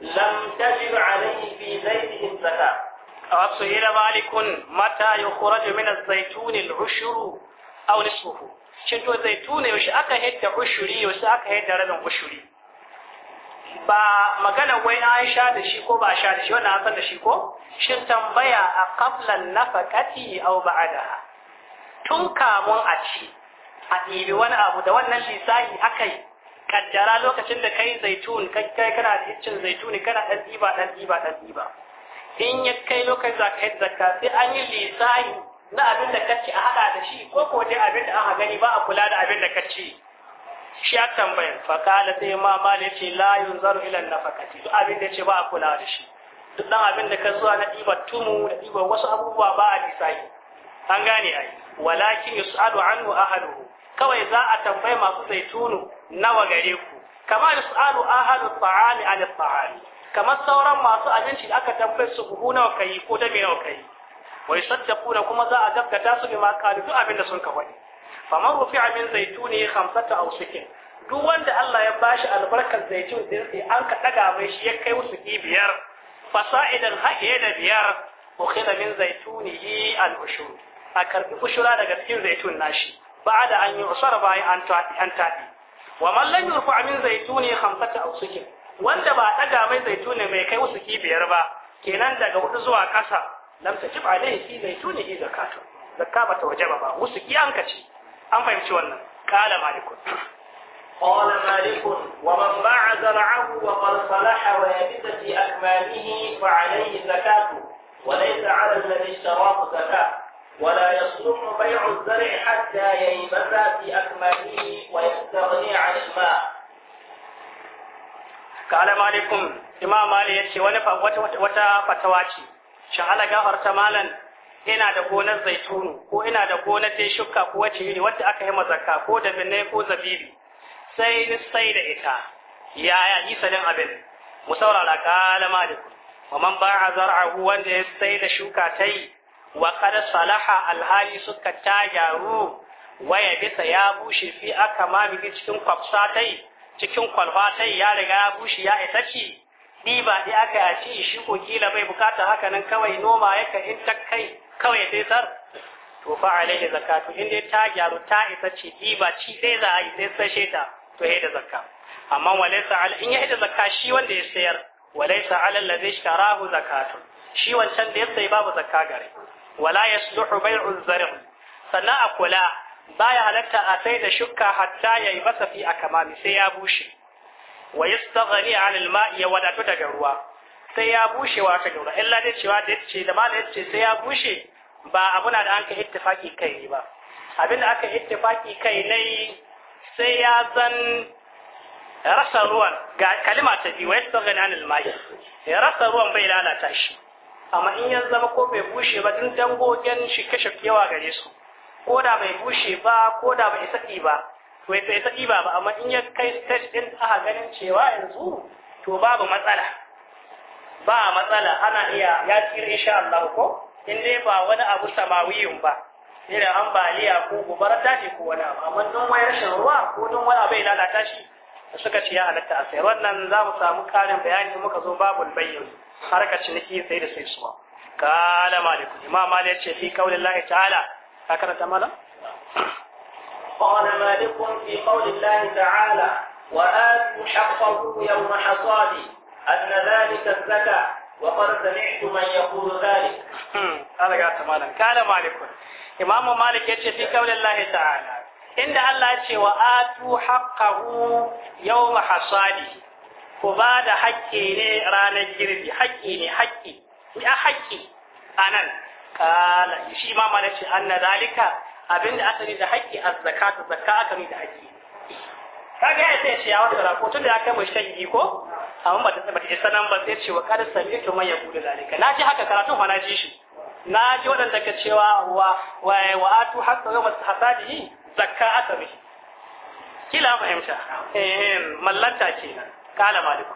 لم تجب عليه في زيته الزكاة وسئل مالك متى يخرج من الزيتون العشر أو نصفه shin to zai tuna yaushe aka hidda ushuri yaushe aka hidda rabin ushuri ba magana wai an sha da shi ko ba sha da shi wannan an san da shi ko shin tambaya a qablan nafaqati aw ba'daha tun kamun a ci a ɗibi wani abu da wannan lisahi akai kaddara lokacin da kai zaitun kai kana da zaituni kana dan diba dan diba dan diba in ya kai lokacin zakai zakka sai an yi lisahi na abin da kacce a haɗa da shi ko ko dai abin da aka gani ba a kula da abin da kacce shi ya tambayin fakala sai ma mali ce la yunzaru ila nafakati duk abin da ce ba a kula da shi duk dan abin da ka zuwa na dibar tumu da dibar wasu abubuwa ba a lisai an gane ai walakin yusalu anhu ahluhu kawai za a tambayi masu zaitunu nawa gare ku kama yusalu ahlu ta'ami an ta'ami kamar sauran masu abinci da aka tambaye su buhu nawa kai ko da me nawa kai wai saddaquna kuma za a gaggata su bima qalu duk abin da sun ka faɗi faman rufi'a min zaituni khamsata aw sikin duk wanda Allah ya bashi albarkar zaitun din sai an ka daga mai shi ya kai wasu biyar fasa'idan haƙe da biyar ukhira min zaitunihi al-ushur a karbi ushura daga cikin zaitun nashi ba'da an yi usara bayan an tafi an tafi wa man lam yurfa min zaituni khamsata aw sikin wanda ba daga mai zaituni mai kai wasu biyar ba kenan daga hudu zuwa ƙasa lam tajib alaihi fi zaitunihi zakatu zakka ba ta wajaba ba musu ki an kace an fahimci wannan qala malikun qala malikun wa man ba'a zar'ahu wa qad salaha wa yabita fi akmamihi fa alaihi zakatu wa laysa 'ala alladhi ishtarahu zakatu ولا يصلح بيع الزرع حتى ييبس في أكمامه ويستغني عن الماء قال مالك إمام مالي يتي wata fatawa ce sha'ala ta malan ina da gonar zaitunu ko ina da gonar dai shukka ko wace iri wanda aka yi mazaka ko da binne ko zabibi sai ni sai da ita yaya isa sanin abin mu saurara kala malik wa man ba'a zar'ahu wanda ya sai da shuka ta yi wa qad salaha alhali suka ta gyaru waya bisa ya bushe fi aka mamiki cikin kwafsa ta yi cikin kwalfa ta ya riga ya bushe ya isa ci ba dai aka ya ci shi ko kila bai bukata haka nan kawai noma yaka in ta kai kawai sai sar to fa alaihi zakatu in dai ta gyaru ta isa ce ɗiba ci dai za a yi sai sashe ta to yayi da zakka amma walaysa ala in yayi da zakka shi wanda ya sayar walaysa ala allazi ishtarahu zakatu shi wancan da ya sayi babu zakka gare wala yasluhu bai'u zarih sannan a kula baya halatta a sai da shukka hatta yayi masa fi akamami sai ya bushe wa yastaghni an al-ma'i ya tuta daga ruwa sai ya bushe wa ta gura illa dai cewa da yace da malai yace sai ya bushe ba abuna da an ka ittifaki kai ne ba abin da aka ittifaki kai ne sai ya zan rasa ruwan ga kalima ta bi wa yastaghni an al-ma'i ya rasa ruwan bai lalata shi amma in ya zama ko bai bushe ba tun dangogen shi kashe yawa gare su ko da bai bushe ba ko da bai saki ba kai sai ta ɗiba ba amma in ya kai tashi ɗin aka ganin cewa yanzu to babu matsala ba matsala ana iya ya tsira insha Allah ko in dai ba wani abu samawiyun ba irin ambaliya ko gobara daji ko wani abu amma don wayar rashin ruwa ko don wani abu ya lalata shi suka ce ya halatta a wannan za mu samu karin bayani muka zo babu bayyin harkar ciniki sai da sai suwa kala maliku imam malik ya ce fi kaulin lahi ta'ala ka karanta malam قال مالك في قول الله تعالى وآتوا حقه يوم حصاده أن ذلك الزكاة وقد سمعت من يقول ذلك هذا قالت مالك قال مالك إمام مالك يتي في قول الله تعالى inda Allah ce wa atu haqqahu yawma ku ba da haƙƙi ne ranar girbi haƙƙi ne haƙƙi ya haƙƙi anan kala shi ma mana ce anna zalika abinda aka yi da haƙƙi a zakata zakka aka yi da haƙƙi kaga ya sai ce ya wata rako tun da ya kai mai shan ko amma ba ta ba isa nan ba sai ce wa kada sami to mai ya gudu zalika na ji haka karatun fa na ji shi na ji waɗanda ka cewa wa wa wa atu hatta yawm hasadi zakka aka yi kila fahimta eh mallanta ke kala maliku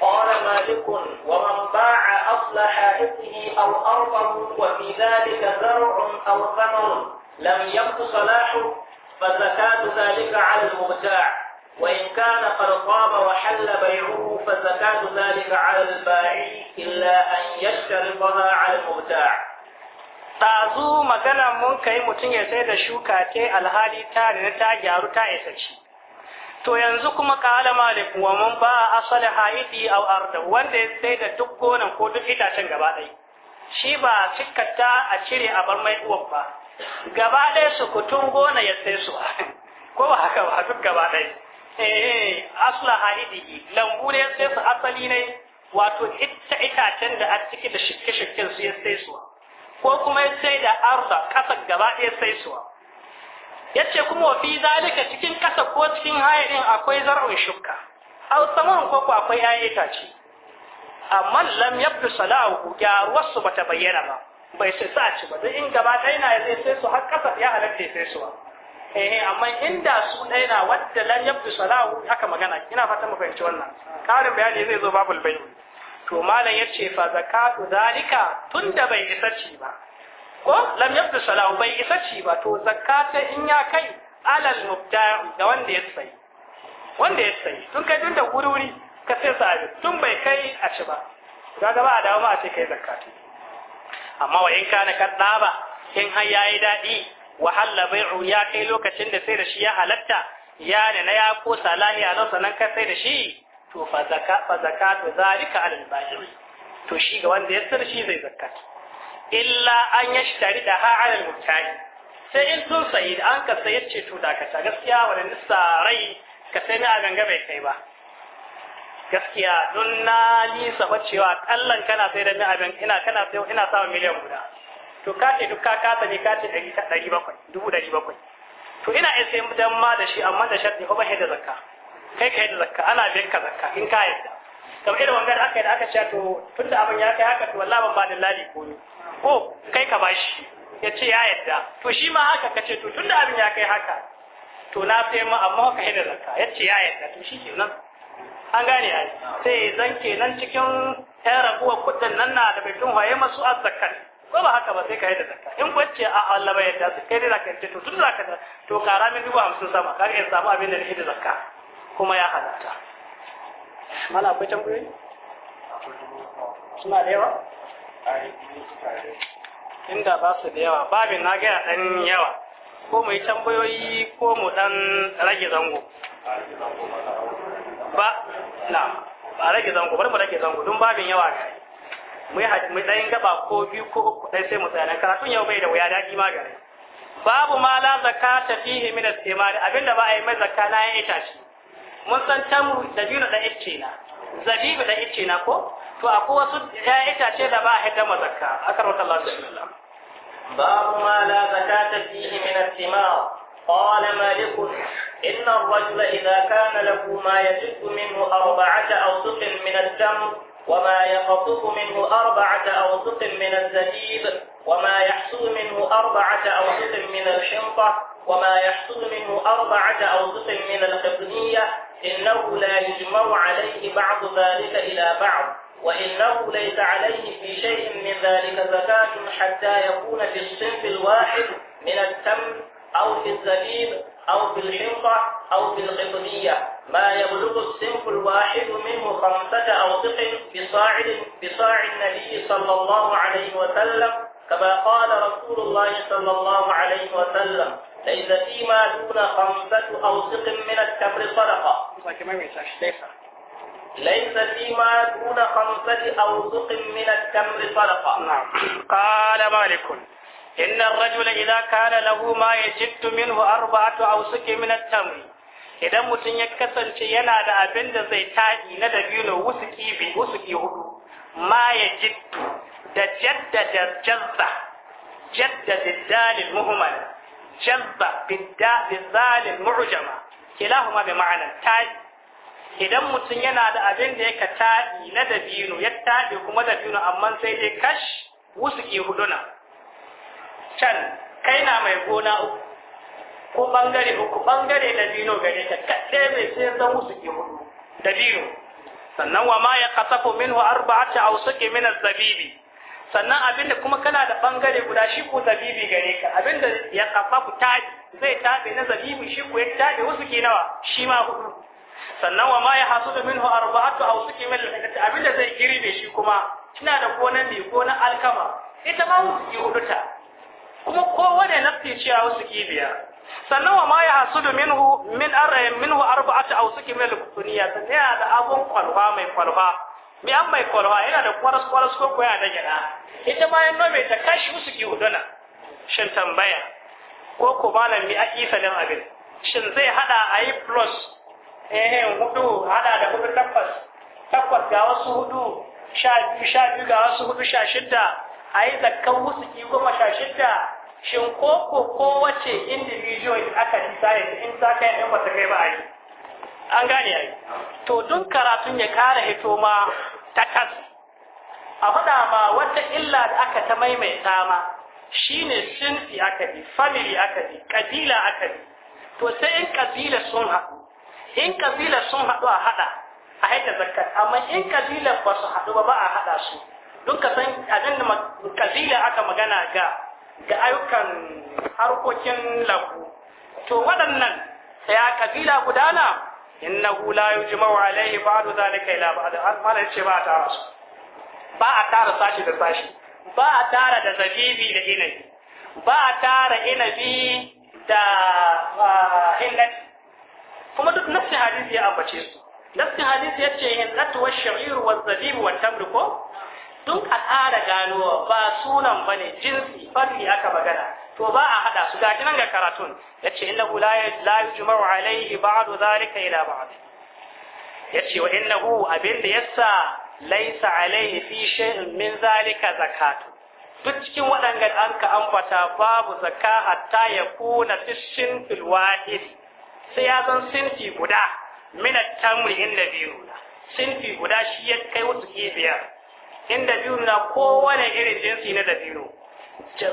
قال مالك ومن باع أصل حائطه أو أرضه وفي ذلك زرع أو ثمر لم يبق صلاحه فزكاة ذلك على المبتاع وإن كان قد طاب وحل بيعه فزكاة ذلك على البائع إلا أن يشترطها على المبتاع tazu magana mun kai mutum ya sai da shuka ce alhali ta da ta gyaru ta isa ci to yanzu kuma kala malik wa mun ba asali haidi a arda wanda ya sai da duk gonan ko duk itacen gaba ɗaya shi ba cikkata a cire a bar mai uwan ba gaba ɗaya su kutun gona ya sai su ko ba haka ba duk gaba ɗaya eh asla halidihi lambu ne ya sai su asali ne wato ita itacen da a ciki da shirke shirke su ya sai su ko kuma ya sai da arza kasar gaba ɗaya sai su Ya ce kuma wafi zalika cikin kasa ko cikin hayarin akwai zarar shukka aw samun ko akwai 'ya'yan itace amma lam yabdu salahu gyaruwar su bata bayyana ba bai su sa ci ba in gaba ɗaya na zai sai su har ƙasa ya halatta sai su ba eh amma inda su ɗaya na wadda lan yabdu salahu haka magana ina fata mu fahimci wannan karin bayani zai zo babul bai to malam yace fa zakatu zalika tunda bai isa ci ba ko lam yabdu salahu bai isa ci ba to zakata in ya kai alal mubta'i ga wanda ya sayi wanda ya sayi tun kai tun da wuri ka sai sa tun bai kai a ci ba ga gaba a dawo ma a ce kai zakatu amma wa in kana ba, in har yayi daɗi, wa halla bai'u ya kai lokacin da sai da shi ya halatta ya ne na ya ko salahi a nan sanan ka sai da shi to fa zaka fa zakatu zalika alal to shi ga wanda ya sayar shi zai zakka illa an yashtari da ha alal mutani sai in sun sayi an ka sayar ce to dakata gaskiya wannan sarai ka sai na ganga bai kai ba gaskiya don na nisa ba cewa kallon kana sai da ni abin ina kana sai ina samun miliyan guda to ka ce duk ka kasa ne ka ce ɗari bakwai dubu ɗari bakwai to ina iya sai dan ma da shi amma da ko ba da zakka kai ka da zakka ana bin ka zakka in ka yadda kamar irin wangar aka yi da aka ce to tun da abin ya kai haka to wallahi ban ba da lali ko ni ko kai ka bashi ya ce ya yadda to shi ma haka ka ce to tun da abin ya kai haka to na sai ma amma ka da zakka ya ce ya yadda to shi ke nan. an gane ai sai zan kenan cikin ɗan rabuwa kuɗin nan na da bikin waye masu azzakar ko ba haka ba sai ka yi da zakka in kwace a Allah bai yadda kai da zaka ce to tun zaka da to kara min dubu hamsin sama kaga in samu abin da nake da zakka kuma ya halatta mala akwai tambayoyi suna da yawa inda ba su da yawa babin na gaya dan yawa ko mai tambayoyi ko mu dan rage zango ba na ba rage zango bar mu rage zango dun babin yawa ga mu yi mu dan gaba ko biyu ko uku dai sai mu tsaya nan karatun yau bai da wuya da ma gare babu ma la zakata fihi min al-thimar abinda ba a yi mai zakka na ya ita shi mun san tamru da biyu da ice na zabibu da ice na ko to akwai wasu ya itace da ba a hidda zakka akar wata Allah bismillah babu ma la zakata fihi min al-thimar قال مالك إن الرجل إذا كان له ما يجد منه أربعة أوسق من التمر وما يخطف منه أربعة أوسق من الزبيب وما يحصل منه أربعة أوسق من الحنطة وما يحصل منه أربعة أوسق من القطنية إنه لا يجمع عليه بعض ذلك إلى بعض وإنه ليس عليه في شيء من ذلك زكاة حتى يكون في الصنف الواحد من التمر أو في الزبيب أو في الحنطة أو في القطنية ما يبلغ السنف الواحد منه خمسة أوسق بصاع بصاع النبي صلى الله عليه وسلم كما قال رسول الله صلى الله عليه وسلم ليس فيما دون خمسة أوسق من التمر صدقة ليس فيما دون خمسة أوسق من التمر صدقة نعم قال مالك إن الرجل إذا كان له ما يجد منه أربعة أوسك من التمر idan mutum ya kasance yana da abin da zai taɗi na dabino wusuki bi wusuki hudu ma ya jiddu da jaddada jazza المعجمة كلاهما muhimman jazza idan mutum yana da abin da yake taɗi na dabino ya taɗi kuma dabino amma sai dai kash wusuki hudu na can kai na mai gona uku ko bangare uku bangare na dino gare ta kaɗai mai sai zan musu ke hudu da dino sannan wa ma ya kasafu minhu arba'ata aw suqi min az-zabibi sannan abinda kuma kana da bangare guda shi ko zabibi gare ka abinda ya kasafu tabi zai tabe na zabibi shi ko ya tabe wasu ke nawa shi ma hudu sannan wa ma ya hasudu minhu arba'atu aw suqi min al abin abinda zai girbe shi kuma kina da gonan ne gonan alkama ita ma wasu ke hudu ta kuma kowa da nafi cewa wasu kibiya sannan wa ma ya hasudu minhu min arrayin minhu arba'atu aw suki min al-kutuniya sannan yana da abun kwalba mai kwalba me an mai kwalba yana da kwaras kwaras ko koya da gida ita ma yan nome ta kashi musu ki huduna shin tambaya ko ko malam mi a ifalin abin shin zai hada yi plus eh hudu hada da hudu takwas takwas ga wasu hudu sha biyu sha biyu ga wasu hudu sha shidda ayi zakkan musu ki goma sha shidda shin ko ko kowace individual aka tsaya in ta kai in ba ta kai ba ai an gane ai to duk karatun ya kare hito ma takas a fada ma wata illa da aka ta maimaita ma shine sinfi aka bi family aka bi kabila aka bi to sai in kabila sun haɗu in kabila sun haɗu a haɗa a haɗa zakat amma in kabila ba su haɗu ba ba a haɗa su don ka san abin da kabila aka magana ga da ayyukan harkokin lahu to waɗannan ya kabila gudana innahu la yujma'u alayhi ba'du zalika ila ba'd mana ce ba a tara ba a tara sashi da sashi ba a tara da zabibi da inabi ba a tara inabi da hinnati ah, kuma duk nafsin hadisi ya ambace su nafsin hadisi ya ce hinnatu wa sha'iru wa zabibu wa tamri ko Duk a ƙara ganowa ba sunan ba ne jinsi farli aka magana to ba a haɗa su gaji nan ga karatun ya ce hu la yujma'u alaihi ba'du zalika ila ba'd ya ce wa hu abin da sa laisa alaihi fi shay'in min zalika zakatu duk cikin waɗanda an ka ambata babu zakka hatta ya kuna fishin fil sai ya zan sinfi guda min at-tamri inda biyu sinfi guda shi ya kai wasu biyar in biyu na kowane irin jinsi na dabino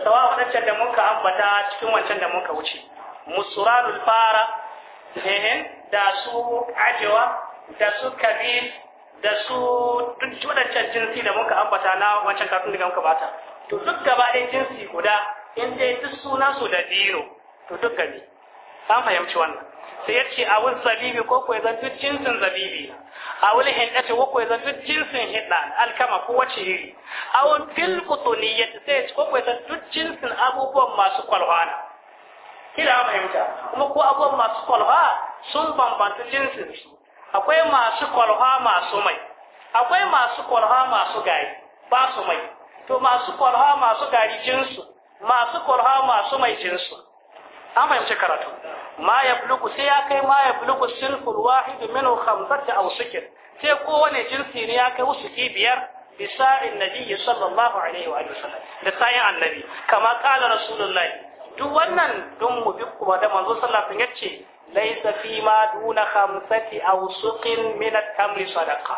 sawa wadancan da muka ambata cikin wancan da muka wuce musuranul fara hehen da su ajewa da su kabil da su duk wadancan jinsi da muka ambata na wancan kafin da muka bata to duk gaba ɗaya jinsi guda in dai duk suna su da dino to duk gani an fahimci wannan sai ya ce awul zabibi ko ko zan duk jinsin zabibi awul hindati ko ko zan duk jinsin hinda alkama ko wace iri awul fil qutuniyati sai ya ce ko ko zan duk jinsin abubuwan masu kwalwana kila fahimta kuma ko abubuwan masu kwalwa sun bambanta jinsin su akwai masu kwalwa masu mai akwai masu kwalwa masu gari ba su mai to masu kwalwa masu gari jinsu masu kwalwa masu mai jinsu an fahimci karatu ma ya sai ya kai ma ya bulugu sinful wahid minhu khamsata aw sai kowane jinsi ne ya kai usuki biyar bisa'in nabiyyi sallallahu alaihi wa sallam da sayin annabi kama kala rasulullahi duk wannan dun mu bi kuma da manzo sallallahu alaihi wasallam yace fi ma duna khamsati aw suqin min at-tamri sadaqa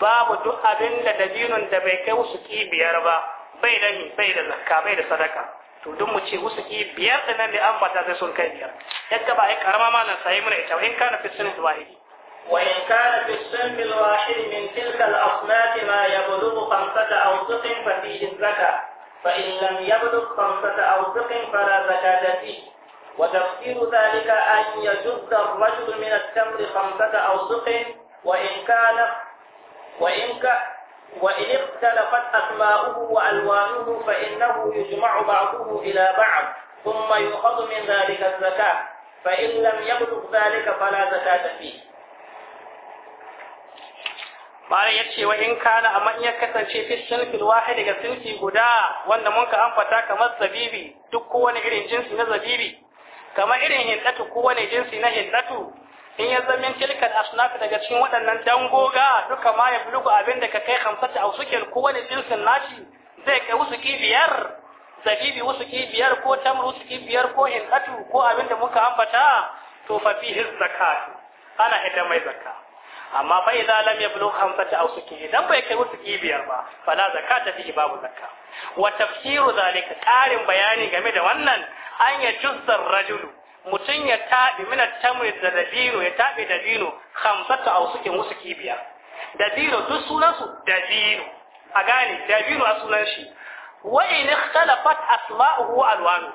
babu duk abinda da dabinun da bai kai usuki biyar ba bai da bai bai da sadaka to don mu ce wusuki biyar da nan da an bata sai sun kai biyar yadda ba ai karama ma nan sai muna ita in kana fi sunan wahidi وإن كان في الصنف الواحد من تلك الأصناف ما يبلغ خمسة أوسق ففيه الزكاة فإن لم يبلغ خمسة أوسق فلا زكاة فيه وتفسير ذلك أن يجد الرجل من التمر خمسة أوسق وإن كان وإن كان وإن اختلفت أسماؤه وألوانه فإنه يجمع بعضه إلى بعض ثم يؤخذ من ذلك الزكاة فإن لم يبلغ ذلك فلا زكاة فيه bayan ya ce wa in kana amma in ya kasance fi sinfil wahid daga sinfi guda wanda mun ka amfata kamar zabibi duk kowane irin jinsi na zabibi kamar irin hindatu kowane jinsi na hindatu in ya zama da asnaf daga cikin waɗannan dangoga duka ma ya bulugu abin da ka kai hamsata a sukin kowane jinsin nashi zai kai wasu biyar zabibi wasu biyar ko tamru wasu biyar ko hindatu ko abin da muka ambata to fa fihi zakat ana hidda mai zakka amma fa idza lam yablugh hamsata aw suki idan bai kai wasu biyar ba fala zakata fihi babu zakka wa tafsiru zalika qarin bayani game da wannan an ya juzzar rajulu mutum ya taɓe mina tamir da dabino ya taɓe dabino hamsata a suke musu kibiya dabino duk sunansu dabino a gane dabino a sunan shi wa in ikhtalafat asma'uhu wa alwanu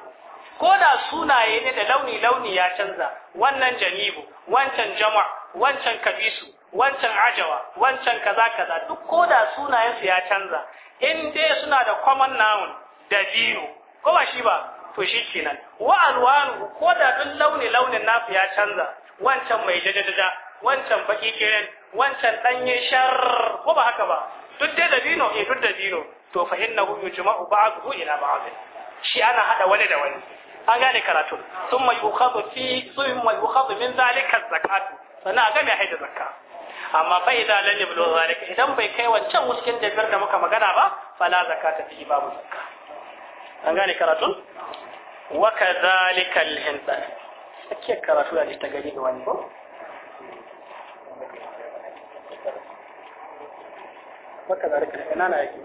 ko da sunaye ne da launi launi ya canza wannan janibu wancan jama wancan kabisu wancan ajawa wancan kaza kaza duk ko da sunayensu ya canza in dai suna da common noun dabino ko ba shi ba to shi kenan wa alwanu ko da duk launi launin nasu ya canza wancan mai dada wancan baki kiran wancan danye shar ko ba haka ba duk da dabino eh duk dabino to fa innahu yujma'u ba'dahu ila ba'd shi ana hada wani da wani an gane karatu thumma yukhadhu fi thumma yukhadhu min zalika zakatu sannan a ga mai haida zakka amma fa idan lan yablu zalika idan bai kai wancan muskin da da muka magana ba fala zakata fi babu zakka an gane karatun waka zalikal hinsan tsakiyar karatu da ta gari da wani ko waka zalikal kanana yake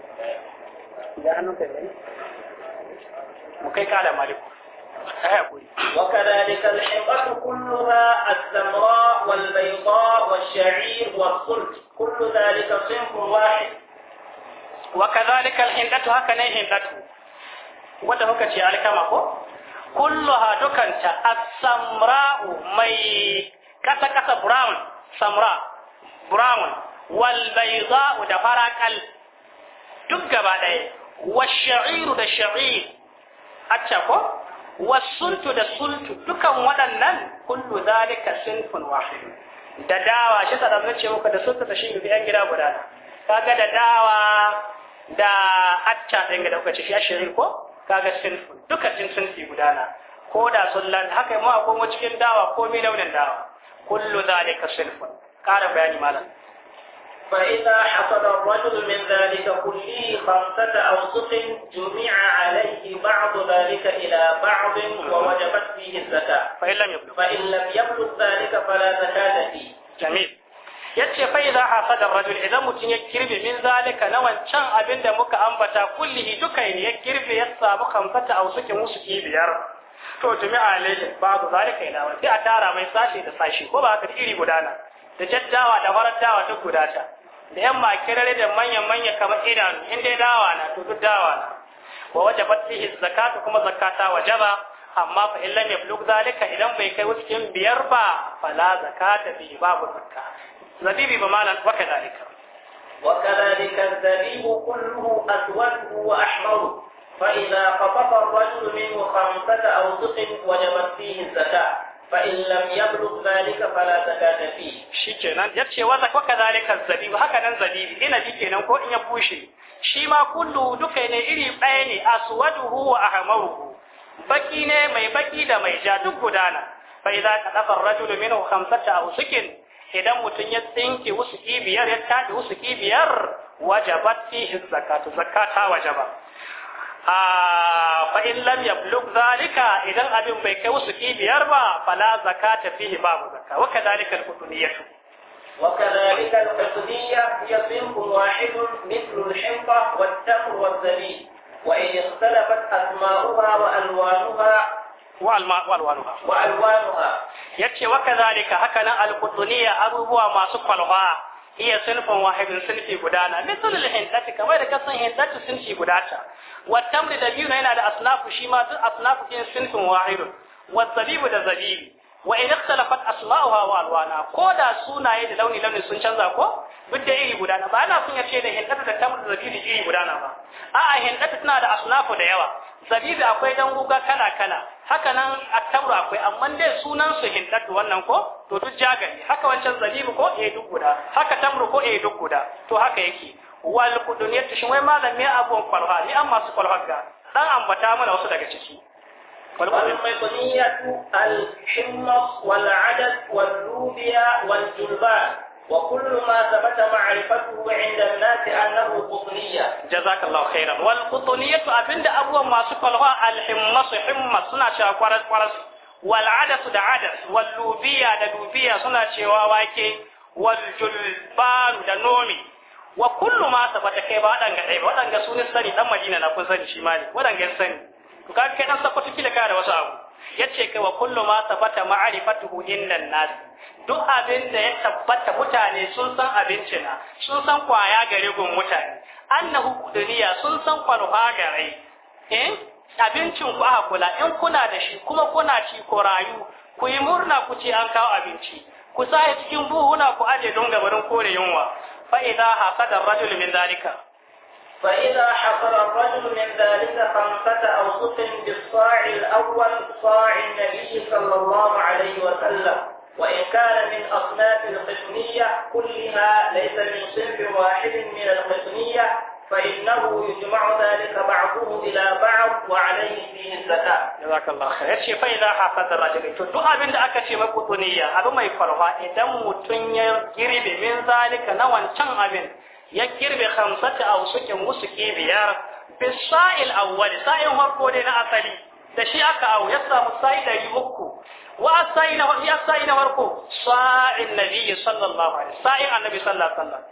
idan hannun ka ne mu kai kala maliku وكذلك الحمرة كلها السمراء والبيضاء والشعير والصلت كل ذلك صنف واحد وكذلك الحمرة هكذا هندته wata muka ce alkama ko kulluha dukanta as-samra'u mai kasa kasa brown samra brown wal bayda'u da farakal duk gaba ɗaya wash-sha'iru da sha'ir acca ko Wa wasuntu da sultu dukan waɗannan kullu zalika sinfun wahid da dawa shi sadan ce muka da sultu da shi yan gida guda kaga da dawa da acca ɗin da kuka ce shi ashirin ko kaga shirku duka cin sun fi gudana ko da sun lan haka mu akwai mu cikin dawa ko mi launin dawa kullu zalika shirku ƙara bayani malam فإذا حصل الرجل من ذلك كله خمسة أوسق جمع عليه بعض ذلك إلى بعض ووجبت فيه الزكاة فإن لم يبلغ ذلك فلا زكاة فيه جميل yace fa idza hasada rajul idan mutun ya kirbe min zalika na wancan abin da muka ambata kullihi duka ne ya kirbe ya samu kamfata a suke musu biyar to tumi alaihi babu zalika ina wa sai a tara mai sashi da sashi ko ba haka iri gudana da jaddawa da farar dawa ta gudata da yan makirare da manyan manya kamar idanu in dai dawa na to duk dawa na wa wajabat fihi zakatu kuma zakata wajaba amma fa illam yablugh zalika idan bai kai wucin biyar ba fala zakata bi babu zakata الزبيب بمعنى وكذلك وكذلك الزبيب كله أسود وأحمر فإذا قطف الرجل منه خمسة أو سقم وجبت فيه الزكاة فإن لم يبلغ ذلك فلا زكاة فيه شكرا يتشي وزك وكذلك الزبيب هكذا الزبيب إن بيكي نوكو إن يبوشي شما كله دكين إلي بأين أسوده وأحمره baki ne mai baki da mai ja duk gudana fa idza kadafa ar-rajulu minhu khamsata aw sikin idan mutun ya tsinke wasu kibiyar ya tafi wasu kibiyar wajabat fihi zakatu zakata wajaba a fa in lam yablug zalika idan abin bai kai wasu kibiyar ba fala zakata fihi babu zakka wa kadalika al-quduniyatu وكذلك الحسنية هي صنف واحد مثل الحنطة والتمر والزبيب وإن اختلفت أسماؤها وألوانها والوانها والوانها yace wa kadhalika haka al-qutuniya abubuwa masu kwalwa iya sulfin wahidin sulfi gudana misal al-hindati kamar da kasan hindati sulfi gudata wa tamri da biyu yana da asnafu shi ma zabibu da zabibi wa in ikhtalafat asma'uha wa alwana ko da sunaye da launi launi sun canza ko duk da iri gudana ba ana sun yace da hindata da tamu da zabibi iri gudana ba a'a hindata tana da asnafu da yawa zabibi akwai dan guga kala kala haka nan attamru akwai amma dai sunan su hindatu wannan ko to duk jagari haka wancan zabibi ko eh duk guda haka tamru ko eh duk guda to haka yake wal kuduniyatu shin wai malam ne abun kwalha ni amma su kwalha ga dan ambata mana wasu daga ciki Kalau mai kuniya tu al himma wal adad wal rubia wal jilba wa kullu ma thabata ma'rifatu 'inda an-nas annahu qutniya jazakallahu khairan wal qutniya tu abinda abuwa masu kalwa al himma himma suna cewa kwaras kwaras wal adad da adad wal rubia da rubia suna cewa wake wal jilba da nomi wa kullu ma thabata kai ba wadanga dai ba wadanga sunan sani dan madina na kun sani shi mali wadanga sani ka kaga kai dan sako kila kare wasu abu yace kai wa kullu ma tafata ma'rifatuhu innan nas duk abin da ya tabbata mutane sun san abincina sun san kwaya gare gun mutane annahu duniya sun san kwarfa gare eh abincin ku aka kula in kuna da shi kuma kuna ci ko rayu ku yi murna ku ce an kawo abinci ku sa cikin buhuna ku aje don gabarin kore yunwa fa idza hasada rajul min zalika فإذا حصل الرجل من ذلك خمسة أوصف بالصاع الأول صاع النبي صلى الله عليه وسلم وإن كان من أصناف القسمية كلها ليس من صنف واحد من القسمية فإنه يجمع ذلك بعضه إلى بعض وعليه فيه الزكاة جزاك الله خير شيء فإذا حصل الرجل تدعى to duk abin da aka ce mabutuniya abu mai farfa idan mutun ya girbe ya girbe hamsata a wusukin wusuki biyar bisa'il awwali sa'in farko dai na asali da shi aka awo ya samu sa'i ɗari uku wa sa'i na ya sa'i na farko sa'in nabiyyi sallallahu alaihi sa'in annabi sallallahu alaihi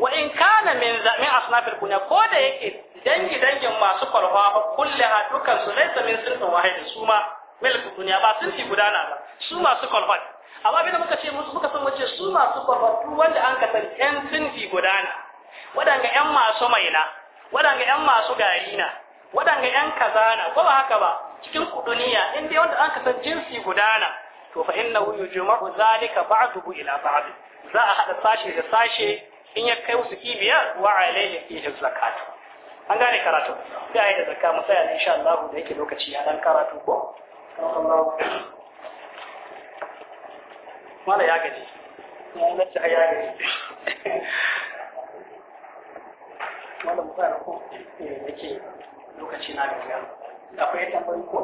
wa in kana min zamin asnafil kunya ko da yake dangi dangin masu farfa kullaha dukan su laysa min sirrin wahidin su ma milku kunya ba sun fi gudana ba su masu farfa amma abin muka ce musu muka san wace su masu farfa wanda an ka san yan sun fi gudana waɗanga ‘yan masu maina waɗanga ‘yan masu gari na waɗanga ‘yan kaza na ko ba haka ba cikin kuduniya in dai wanda an kasan jinsi gudana to fa inna hu yujma'u zalika ba'duhu ila ba'd za a hada sashe da sashe in ya kai wasu kibiya wa alaihi fihi zakat an gane karatu sai ayi da zakka mu sai insha Allah da yake lokaci ya dan karatu ko wala ya gaji mu nace ya gaji wanda mutane ko ne eh, ke lokaci na da wuya akwai tambayi ko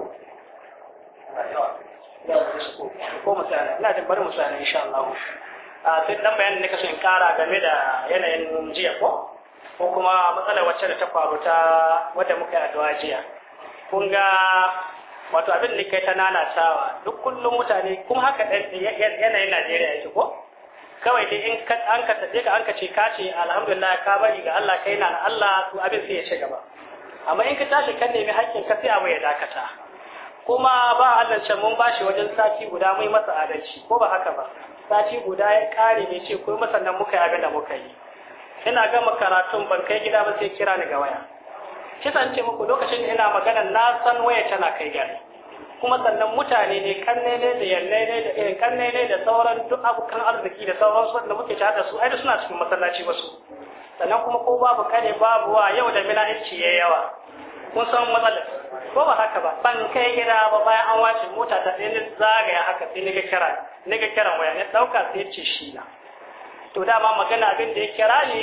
ko mutane, ina da bari misali insha Allah a ah, sai dan bayanin ne kaso in kara game da yanayin jiya ko ko kuma matsalar wacce da ta faru ta wadda muka yi addu'a jiya kun ga wato abin da kai ta nanatawa duk kullum mutane kuma haka yanayin Najeriya yake ko kawai dai in an ka tafi ka an ka ce ka ce alhamdulillah ka bari ga Allah kai na Allah to abin sai ya ci gaba amma in ka tashi kan nemi hakkin ka sai abu ya dakata kuma ba Allah can mun bashi wajen sati guda mai masa adalci ko ba haka ba sati guda ya kare ne ce ko masa nan muka yi abin da muka yi ina gama karatun ban kai gida ba sai kira ni ga waya kisan ce muku lokacin da ina magana na san waya tana kai gari kuma sannan mutane ne kanne ne da yanne ne da irin eh, kanne ne da sauran duk abokan arziki da sauran su da muke tare da su ai suna cikin masallaci ba su sannan kuma ko babu kane babu wa yau da mila'inci yayi yawa kun san matsalar ko ba haka ba ban kai gida ba bayan an wace mota ta sai ni zagaya haka sai ni ga kira ni ga kira waya ne dauka sai ce shi na to dama magana abin da ya kira ni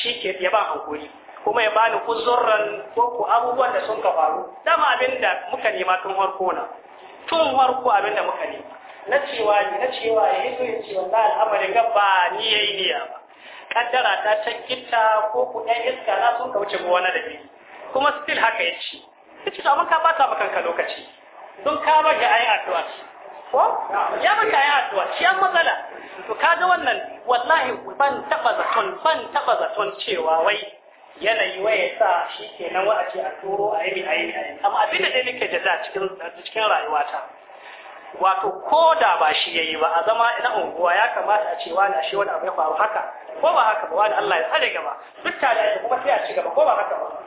shi ke ya ba hankuri kuma ya bani uzurran ko ku abubuwan da sun ka faru dama abinda muka nema tun farko na tun farko abinda muka nema na cewa ni na cewa ya yi ya ce wallahi al'amarin gaba ni ni yi niya ba kaddara ta ta ko ku ɗan iska na sun ka wuce na da biyu. kuma still haka ya ce ya ce amma ka bata maka kanka lokaci don ka bage ayi addu'a ko ya maka ayi addu'a shi an matsala to kaga wannan wallahi ban taba zaton ban taba zaton cewa wai yanayi waye sa shi ke nan wa a ce a turo a yi a yi a yi amma abin da dai nake jaza cikin cikin rayuwata wato ko da ba shi yayi ba a zama ina unguwa ya kamata a ce wa na shi wani abu ya faru haka ko ba haka ba wani Allah ya tsare gaba duk tare da kuma sai a ci gaba ko ba haka ba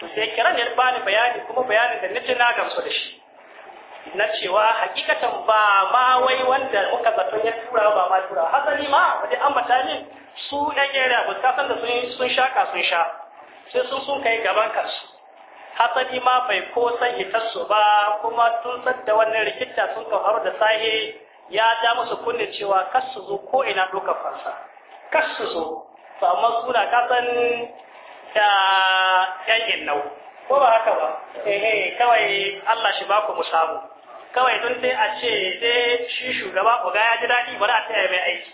to sai kiran ya bani bayani kuma bayanin da nace na gamsu da shi na cewa hakikatan ba ma wai wanda kuka zato ya tura ba ma tura hasali ma wajen ambata ne su ɗan yare ba san da sun shaka sun sha sai sun so kai gaban kansu hasali ma bai ko san hitarsu ba kuma tun da wannan rikita sun kafaru da sahi ya ja musu kunne cewa kar su zo ko ina dokar fansa Kar su zo to amma suna kasan da yan innau ko ba haka ba eh, eh kawai Allah shi ba ku mu samu kawai don sai a ce dai shi shugaba oga ya ji daɗi bari a taya mai aiki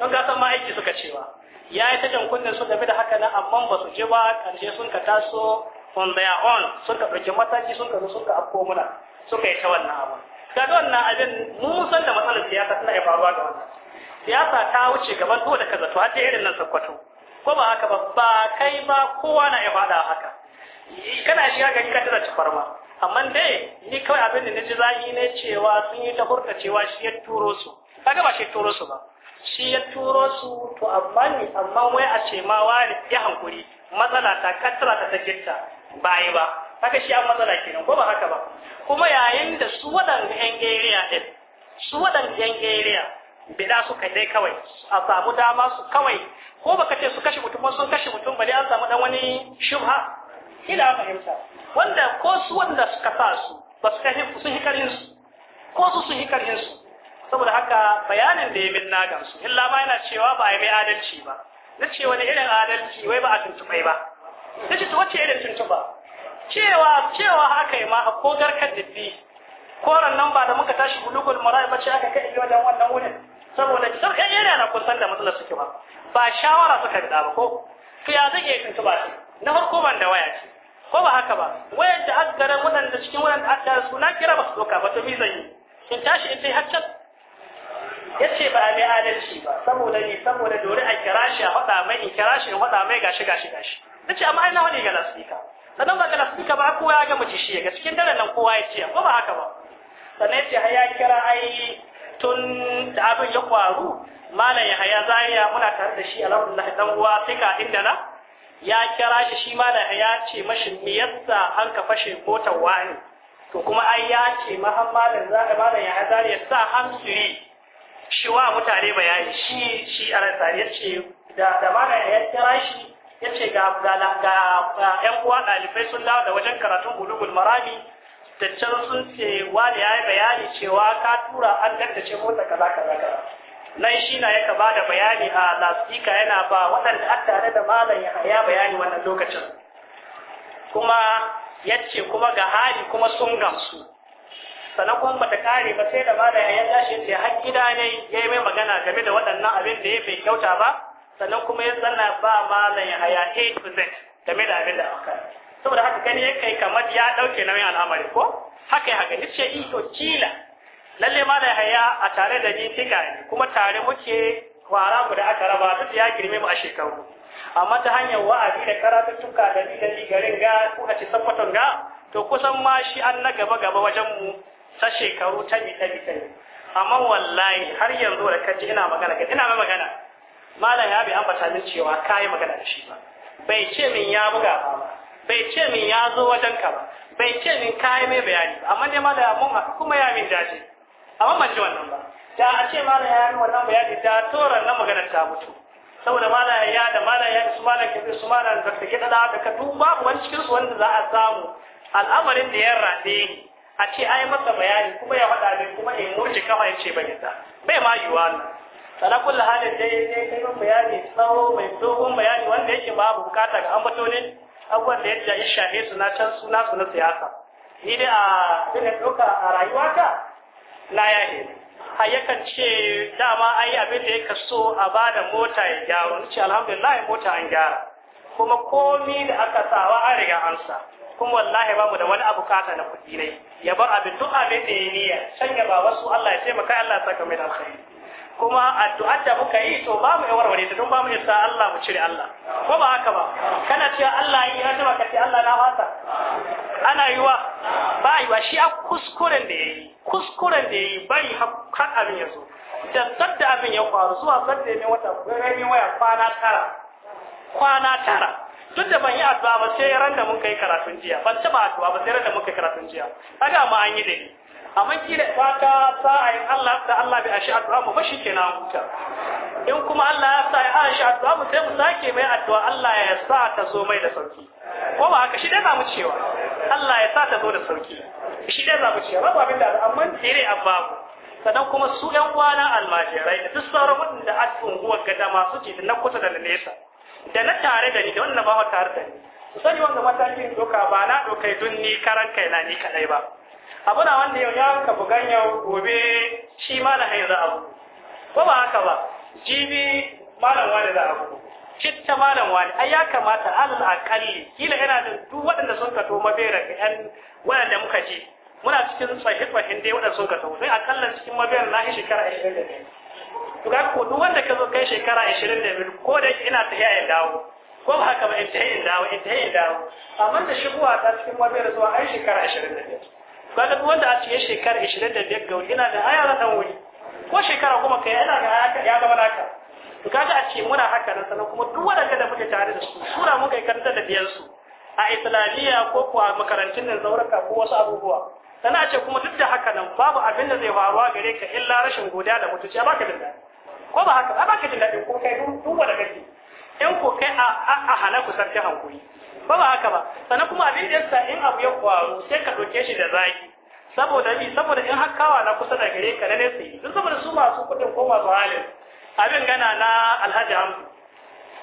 don ga san ma aiki suka cewa ya yi ta jankunan su game da haka nan amma ba su je ba karshe sun ka taso on their own sun ka ɗauki mataki sun ka sun ka afko muna suka yi ta wannan abu ga wannan abin mun san da matsalar siyasa tana ya faruwa ga wannan siyasa ta wuce gaban da kaza to har irin nan sakkwato ko ba haka ba ba kai ba kowa na iya faɗa haka kana shiga gari ka tada tafarma amma dai ni kawai abin da na ji zagi ne cewa sun yi ta hurta cewa shi ya turo su kaga ba shi ya turo su ba shi ya turo su to amma ne amma wai a ce ma wani ya hankuri matsala ta kasara ta ba yi ba haka shi an matsala kenan ko ba haka ba kuma yayin da su waɗanda yan area din su waɗanda yan area bida kai dai kawai a samu dama su kawai ko baka ce su kashe mutum sun kashe mutum ba an samu dan wani shubha ina fahimta wanda ko su wanda suka sa su ba su kashe sun hikarin su ko su sun hikarin su saboda haka bayanin da ya min na gamsu illa ma yana cewa ba a yi mai adalci ba na ce wani irin adalci wai ba a tuntuɓai ba na ce wacce irin tuntuɓa cewa cewa haka yi ma ko garkar dubbi koran nan ba da muka tashi bulugul mara'i ba ce aka kai wajen wannan wurin saboda sarkan yana na kusan da matsalar suke ba ba shawara suka da ba ko to ya zai iya tuntuɓa ce na farko ban da waya ce ko ba haka ba wayar da aka wadanda cikin wadanda aka su na kira ba su doka ba to mi zan yi in tashi in sai haccan? yace ba a mai adalci ba saboda ni saboda dole a kira shi a faɗa mai in kira shi in faɗa mai gashi gashi gashi nace amma ai na wani ga lasfika sannan ba ga lasfika ba kowa ya ga mace shi ga cikin daren nan kowa ya ce ko ba haka ba sannan yace ce ya kira ai tun da abin ya kwaru malam ya haya zaya muna tare da shi alhamdulillah dan uwa sai ka inda na ya kira shi shi malam ya ce mashi me yasa an ka fashe motar wani to kuma ai ya ce mahammalin za a malam ya haya ya sa hamsiri shi wa mutane bayani shi shi a nan ya ce da da ya kira shi ya ce ga yan uwa ɗalibai sun dawo da wajen karatun bulugul marami da sun ce da ya bayani cewa ka tura an tattace mota kaza kaza kaza nan shi na yaka ba da bayani a lasika yana ba waɗanda an tare da malam ya haya bayani wannan lokacin kuma yace kuma ga hali kuma sun gamsu sannan kuma bata kare ba sai da ba da yayan tashi sai har gida ne ya yi mai magana game da waɗannan abin da ya bai kyauta ba sannan kuma ya zanna ba malam ya haya a z game da abin da aka saboda haka gani ya kai kamar ya ɗauke nauyin al'amari ko haka ya gani ni ce i to kila lalle da haya a tare da ni tika kuma tare muke kwara da aka raba duk ya girme mu a shekaru amma ta hanyar wa'azi da tuka da ni da ni garin ga ko a ce sabbaton ga to kusan ma shi an na gaba gaba wajen mu ta shekaru ta bi ta bi ta amma wallahi har yanzu da kaji ina magana ka ina mai magana malam ya bi ambata min cewa kai magana da shi ba bai ce min ya buga ba bai ce min ya zo wajen ka ba bai ce min kai mai bayani ba amma ne malam mun kuma ya min dace amma ban ji wannan ba da a ce malam ya yi wannan bayani da toran na magana ta mutu saboda malam ya da malam ya su malam ke su malam da take da da ka duk babu wani cikin su wanda za a samu al'amarin da ya rade a ce ai masa bayani kuma ya faɗa ne kuma in murji kafa ya ce ban yadda bai ma yiwa ne sana kullu halin dai dai kai ban bayani tsawo mai dogon bayani wanda yake abu bukata ga ambato ne abubuwan da ya ja isha ne na can suna su na siyasa ni dai a irin ɗauka a rayuwata na yahe a yakan ce dama ai abin da ya kaso a ba da mota ya gyara ni ce alhamdulillah mota an gyara kuma komi da aka sawa an riga an sa kuma wallahi babu da wani abu kata na kuɗi ne ya bar abin duk abin da ya niyya can ya ba wasu Allah ya taimaka Allah ya saka mai alkhairi kuma addu'ar da muka yi to ba mu yi warware ta don ba mu isa Allah mu cire Allah ko ba haka ba kana cewa Allah yi ya taba kace Allah na wasa ana yiwa ba yiwa shi a kuskuren da yayi kuskuren da yayi bari har abin ya zo da sadda abin ya faru zuwa sadda ne wata gani waya kwana tara kwana tara Tunda da ban yi addu'a ba sai ran da mun kai karatun jiya ban taba addu'a ba sai ran da mun kai karatun jiya kaga ma an yi da ni da faka fata sa'ayin Allah da Allah bai ashi addu'a mu ba shi kenan huta in kuma Allah ya sa ya ashi addu'a mu sai mu sake mai addu'a Allah ya sa ta zo mai da sauki ko ba haka shi dai za mu cewa Allah ya sa ta zo da sauki shi dai za mu cewa babu abin da amma dire ababu sannan kuma su ƴan uwana almajirai da duk sauran waɗanda da cikin guwar gada masu ce na kusa da nesa da na tare da ni da wanda ba tare da ni sani wanda matakin doka ba na dokai don ni karan kai na ni kadai ba abu na wanda yau ya ka bugan yau gobe shi ma na haiza abu ko ba haka ba jibi malam wani da abu citta malam wani ai ya kamata alal akalli kila yana da duk waɗanda sun ka to mabera ga yan waɗanda muka ji muna cikin sahihin dai waɗanda sun ka to sai akallan cikin mabera na shekara 20 to ga ko duk wanda ka zo kai shekara da 25 ko da ina ta in dawo ko ba haka ba in ta in dawo in ta in dawo amma da shigowa ta cikin wani da zuwa ai shekara 25 ga duk wanda a cikin shekara 25 ga wuri ina da aya na wuri ko shekara kuma kai ina ga haka ya zama naka to ga a ce muna haka nan sanan kuma duk wanda da muke tare da su sura mun kai karanta da biyar su a islamiyya ko kuwa makarantun nan zauraka ko wasu abubuwa sannan a ce kuma duk da haka nan babu abin da zai faruwa gare ka illa rashin godiya da mutunci ba ka da ko ba haka ba ka jin daɗin ko kai duk wanda kake in ko kai a hana ku sarki hankuri ba ba haka ba sannan kuma abin da yasa in abu ya kwaro sai ka doke shi da zaki saboda ni saboda in har kawa na kusa da gare ka na nesa yi duk saboda su masu kuɗin ko masu halin abin gana na alhaji hamdu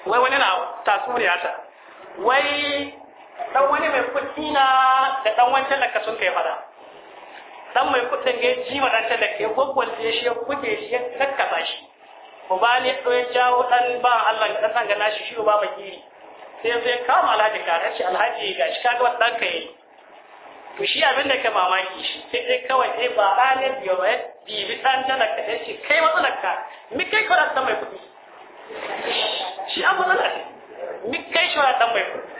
wai wani na tasuriya ta wai dan wani mai kuɗi na da dan wancan da sun kai fada dan mai kuɗin ga ji ma dan talaka ya gwaggwalce shi ya kuɗe shi ya nakasa shi ko ba ne ya jawo dan ba Allah ka san ga nashi shi ba kiri sai zai kama alhaji ka rashi alhaji ga shi kaga wannan ka yi to shi abin da ka mamaki shi sai dai kawai sai ba ranar biyo ba bibi dan tana ka shi kai matsalar ka mi kai ko dan mai kudi shi an matsalar mi kai shi dan mai kudi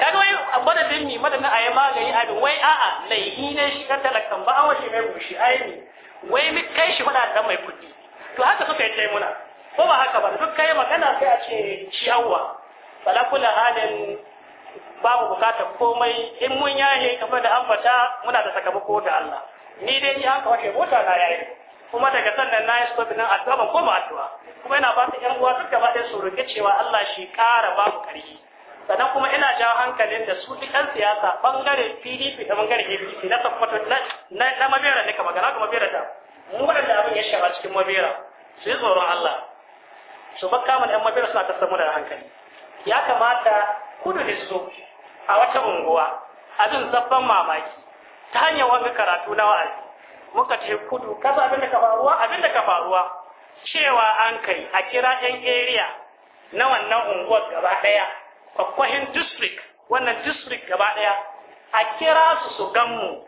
ga wai abada din mi madana ayi magani abin wai a'a laihi ne shi ka talakan ba an washe mai gushi ai wai mi kai shi fada dan mai kudi to haka suka yi muna ko ba haka ba duk kai magana sai a ce shi awwa bala kula halin babu bukatar komai in mun yaye kamar da ambata muna da sakamako da Allah ni dai ni haka wace mota na yayi kuma daga sannan na yi stop nan addu'a ban koma addu'a kuma ina ba su yan uwa duk gaba ɗaya su rike cewa Allah shi ƙara ba mu ƙarfi sannan kuma ina jawo hankalin da su duk ɗan siyasa bangaren PDP da bangaren APC na tabbatar na na mabera ne kamar ga kuma mabera da mu waɗanda abin ya shafa cikin mabera su yi tsoron Allah su bakka mu ɗan mabera suna ta samu da hankali ya kamata kudu su a wata unguwa abin zabban mamaki ta hanyar wani karatu na wa'azi muka ce kudu kasa abin da ka faruwa abin da ka faruwa cewa an kai a kira yan area na wannan unguwar gaba ɗaya kwakwahin district wannan district gaba ɗaya a kira su su gan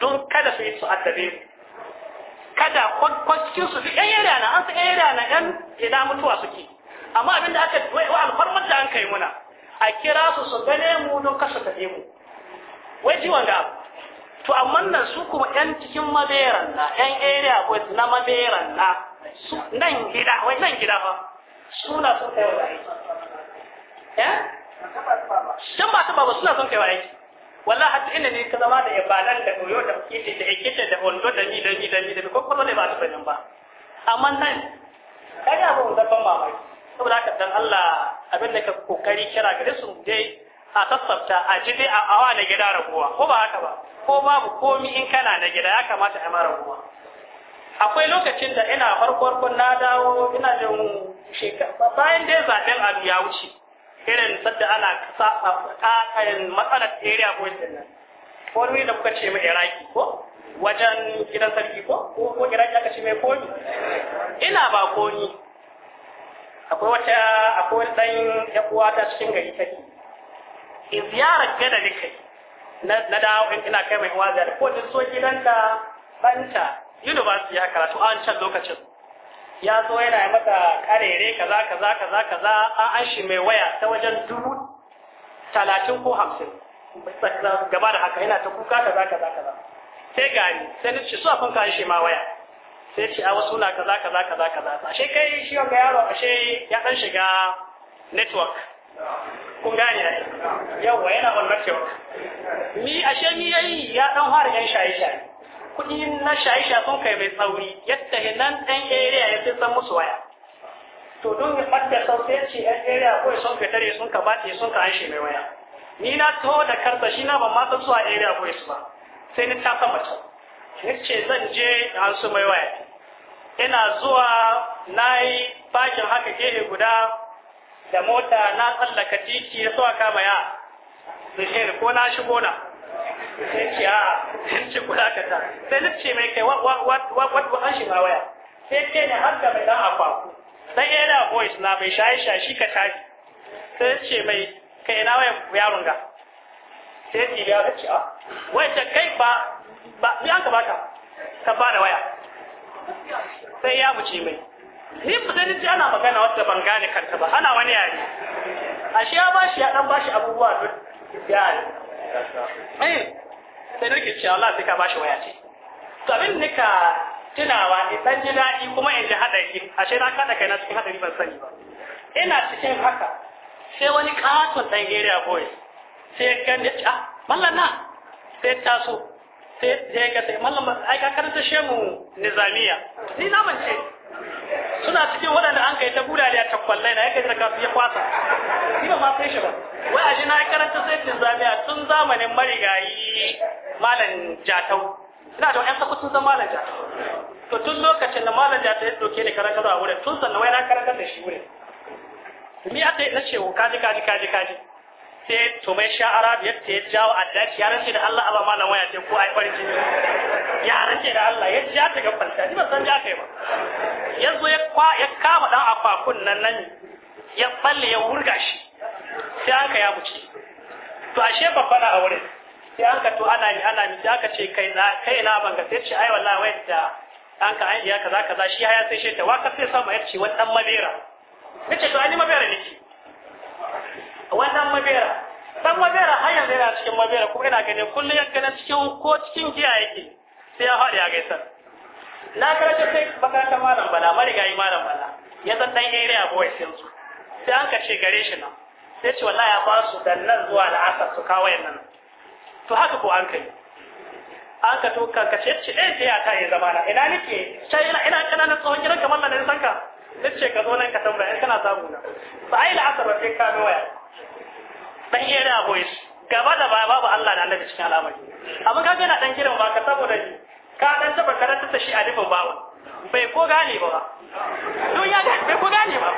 don kada su yi su addabe mu kada kwakwacin su ɗan yan yada na an san yan na ɗan ina mutuwa suke amma abinda aka wa alfarmar da an kai muna a kira su su gane mu don kasa mu wai ji wanga to amma nan su kuma ɗan cikin maberan na yan area boys na maberan na su nan gida wai nan gida fa suna sun kai wa aiki eh ba ta ba suna sun kai wa aiki wala hatta ina ne ka zama da ibadan da koyo da kike da kike da hondo da ni da ni da ni da ko ko ne ba ta bayan ba amma nan ba mun zaba ba mamaki saboda haka dan Allah abin da ka kokari kira ga su dai a tasabta a ji dai a awa na gida raguwa ko ba haka ba ko babu komi in kana na gida ya kamata a mara raguwa akwai lokacin da ina farko farkon na dawo ina jin shekara bayan dai zaben abu ya wuce irin sadda ana a kakarin matsalar area boys din nan ko ne da kuka ce mai iraki ko wajen gidan sarki ko ko iraki aka ce mai komi ina ba komi akwai wata akwai dan ɗan yakuwa ta cikin gari take in ziyarar gada da kai na dawo in ina kai mai waziya da ko da so gidanta ɗanta university ya karatu a wancan lokacin ya zo yana mata karere kaza kaza kaza kaza an an shi mai waya ta wajen dubu talatin ko hamsin gaba da haka yana ta kuka kaza kaza kaza sai gani sai nace su afin ka shi ma waya sai ce a wasu na kaza kaza kaza kaza ashe kai shi wanga yaro ashe ya dan shiga network kun gane Yau yawa yana on network mi ashe mi yayi ya dan fara yan shaye shaye kuɗi na shaisha sun kai mai tsauri yadda nan ɗan area ya fi san musu waya to don ya ɓadda sauƙi ce ɗan area kawai sun tare sun ka bace sun ka mai waya ni na taho da karsa shi na ban ma san su area su ba sai ni ta sama can ni ce zan je an su mai waya ina zuwa na yi bakin haka gehe guda da mota na tsallaka titi ya suwa kama ya da ko na shigo na sai ce a sai ce kula ka ta sai nace mai kai an waya sai ce ne har da mai dan akwaku dan yana voice na mai shaye shaye shi ka sai ce mai kai waya yaron ga sai ce ya ce a wai ta kai ba ba ni an ka baka ka waya sai ya muce mai ni ba zan ji ana magana wata ban gane kanta ba ana wani yare ashe ya bashi ya dan bashi abubuwa duk yare eh sai nake ce Allah sai ka bashi waya ce sabin nika tunawa in dan ji dadi kuma in ji haɗari ashe na kai na cikin haɗari ban sani ba ina cikin haka sai wani katon ɗan area boy sai ya gani a ah, mallan na sai taso sai ya ka sai mallan ai ka karanta shemu nizamiya ni na mance suna cikin waɗanda an kai ta gudare ta takwallai na ya kai kafi ya kwasa ni ba ma sai shi ba wai aje na karanta sai nizamiya tun zamanin marigayi malam jatau ina da wani sakutun zan malan jatau to tun lokacin da malam jatau ya doke ni karantar a wurin tun sannan wai na da shi wurin mi a ta na ce oh, kaji kaji kaji kaji sai to mai sha'ara da yadda ya jawo addaki ya rance da Allah aba malam waya ce ko ai farin ciki ya rance da Allah ya ja ta gaban ta ni ba san ja kai ba yanzu ya kwa ya kama dan akwakun nan nan ya balle ya wurga shi sai aka ya buci to ashe babba na a wurin sai an ka to ana yi ana mi aka ce kai na kai na ban ga sai ce ai wallahi wai da an ka ai ya kaza kaza shi haya sai shi ta waka sai samu ya ce wannan mabera nace to ani mabera nake wannan mabera dan mabera har yanzu yana cikin mabera kuma ina ganin kullum yanka ganin cikin ko cikin giya yake sai ya faɗi ga gaisar na karanta sai makarantar malam bala marigayi malam bala ya zan dan yayi a boy sai su sai an ka ce gare shi nan sai ce wallahi ya ba su dan nan zuwa la'asar su kawo yannan to haka ko an kai an ka to ka kace ce eh, eh ya ta ya zama na ina nake sai ina ina kananan tsawon gidan kamar nan ne sanka? nace ka zo nan ka tambaya in eh, kana samu na ba ai la asaba sai ka waya dan era voice gaba da baya babu Allah da Annabi cikin al'amari amma ka ga yana dan girma ba ka saboda ka dan taba karatu ta shi a difin bai ko gane ba don ya ga bai ku gane ba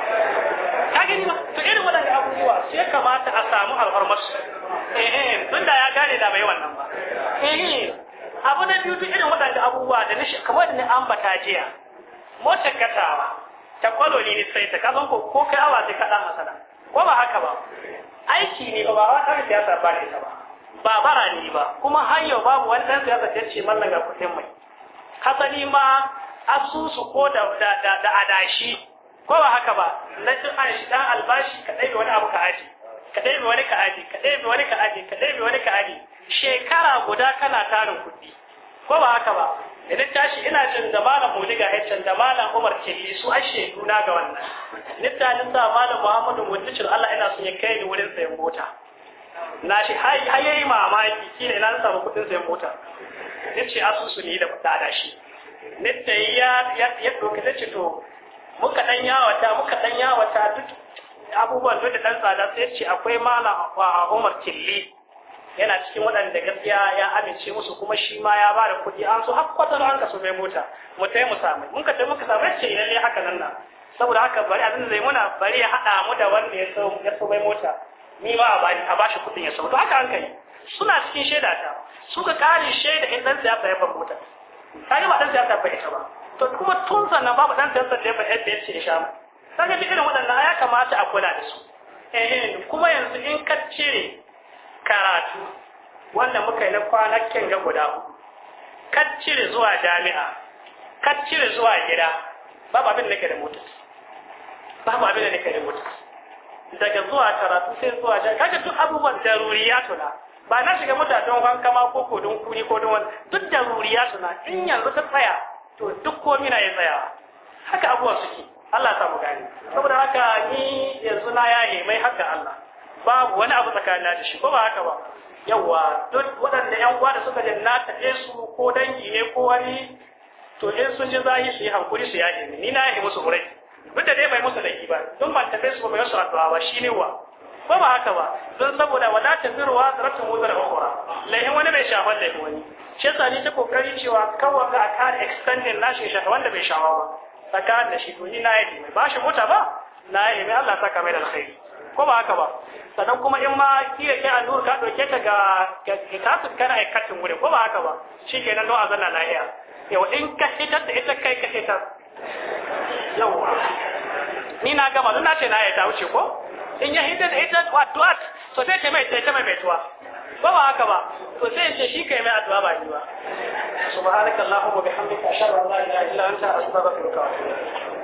ka gani ba to irin waɗanda abubuwa sai kamata a samu alfarmar su eh tun eh, da ya gane da bai wannan ba eh, eh abu na biyu duk irin waɗanda abubuwa da nishi kamar da ni ambata jiya motar katawa ta kwalo ne sai ta kasan ko ko kai awa sai kaɗan masana ko ba haka ba aiki ne ba ba wa kan siyasa ba ne ta ba ba bara ne ba kuma har yau babu wani ɗan siyasa ta ce mallan ga kuɗin mai hasali ma asusu ko da da adashi ko ba haka ba na cin shi dan albashi ka ɗaibe wani abu ka aji ka ɗaibe wani ka aji ka ɗaibe wani ka aji ka ɗaibe wani ka aji shekara guda kana tarin kuɗi ko ba haka ba idan tashi ina jin da malam muliga haitan da malam umar yi su ashe na ga wannan littalin sa malam muhammadu mutucin allah ina son ya kai ni wurin sayan mota na shi har yayi mamaki kina ina samu kuɗin sayan mota ce asusu ni da kuɗa da shi nita ya ɗauki ta ce to muka ɗan yawata muka ɗan yawata duk abubuwan da ɗan tsada sai ce akwai mala a umar killi yana cikin waɗanda gaskiya ya amince musu kuma shi ma ya ba da kuɗi an so har kwatar an kaso mai mota mu tai mu samu mun ka tai muka samu ce idan ne haka nan na saboda haka bari a da zai muna bari ya haɗa mu da wanda ya so ya so mai mota ni ma a a bashi kuɗin ya so to haka an kai suna cikin shaida ta suka kare shaida in ɗan siyasa ya ban mota kaga ba dan siyasa ba ita ba to kuma tun sannan babu dan siyasa da ya faɗa da yace ya sha ma ga bi irin waɗannan ya kamata a kula da su eh, eh, eh kuma yanzu in ka cire karatu wanda muka yi na kwanakin ga guda uku ka cire zuwa jami'a ka cire zuwa gida babu abin da ke da mota babu abin da ke da mota daga zuwa karatu sai zuwa jami'a kaga duk abubuwan daruriyatu na ba na shiga mota don wanka ko kodin kuni ko don wani duk da ruriya suna in yanzu ta tsaya to duk komi na ya tsaya haka abuwa suke Allah ya samu gani saboda haka ni yanzu na yaye mai haka Allah babu wani abu tsakanin da shi ko ba haka ba yawa duk waɗanda yan uwa da suka je na tafe su ko dangi ne ko wani to in sun ji zahi su yi hankuri su yaye ni na yaye musu murai duk da dai bai musu laifi ba duk ban tafe su ba bai wasu addu'a ba ni wa ko ba haka ba zan saboda wala ta zirwa zaratun wuzar ukura lahin wani bai shafa lahin wani shi yasa ni ta kokari cewa kawai ga a extending na shi shafa wanda bai shafa ba tsakanin da shi to ni na yi ba shi mota ba na yi ne Allah saka mai da alkhairi ko ba haka ba sannan kuma in ma ke kai annur ka dauke ta ga kasu kana katin wurin ko ba haka ba shi ke nan don a na lahiya yau in ka hitar da ita kai ka hitar yau ni na gama don na ce na yi ta wuce ko in ya hidden hidden what what to sai ce mai ta mai mai tuwa ba ba haka ba to sai ce shi kai mai addu'a ba ni ba subhanakallahumma bihamdika ashhadu an la ilaha illa anta astaghfiruka wa atubu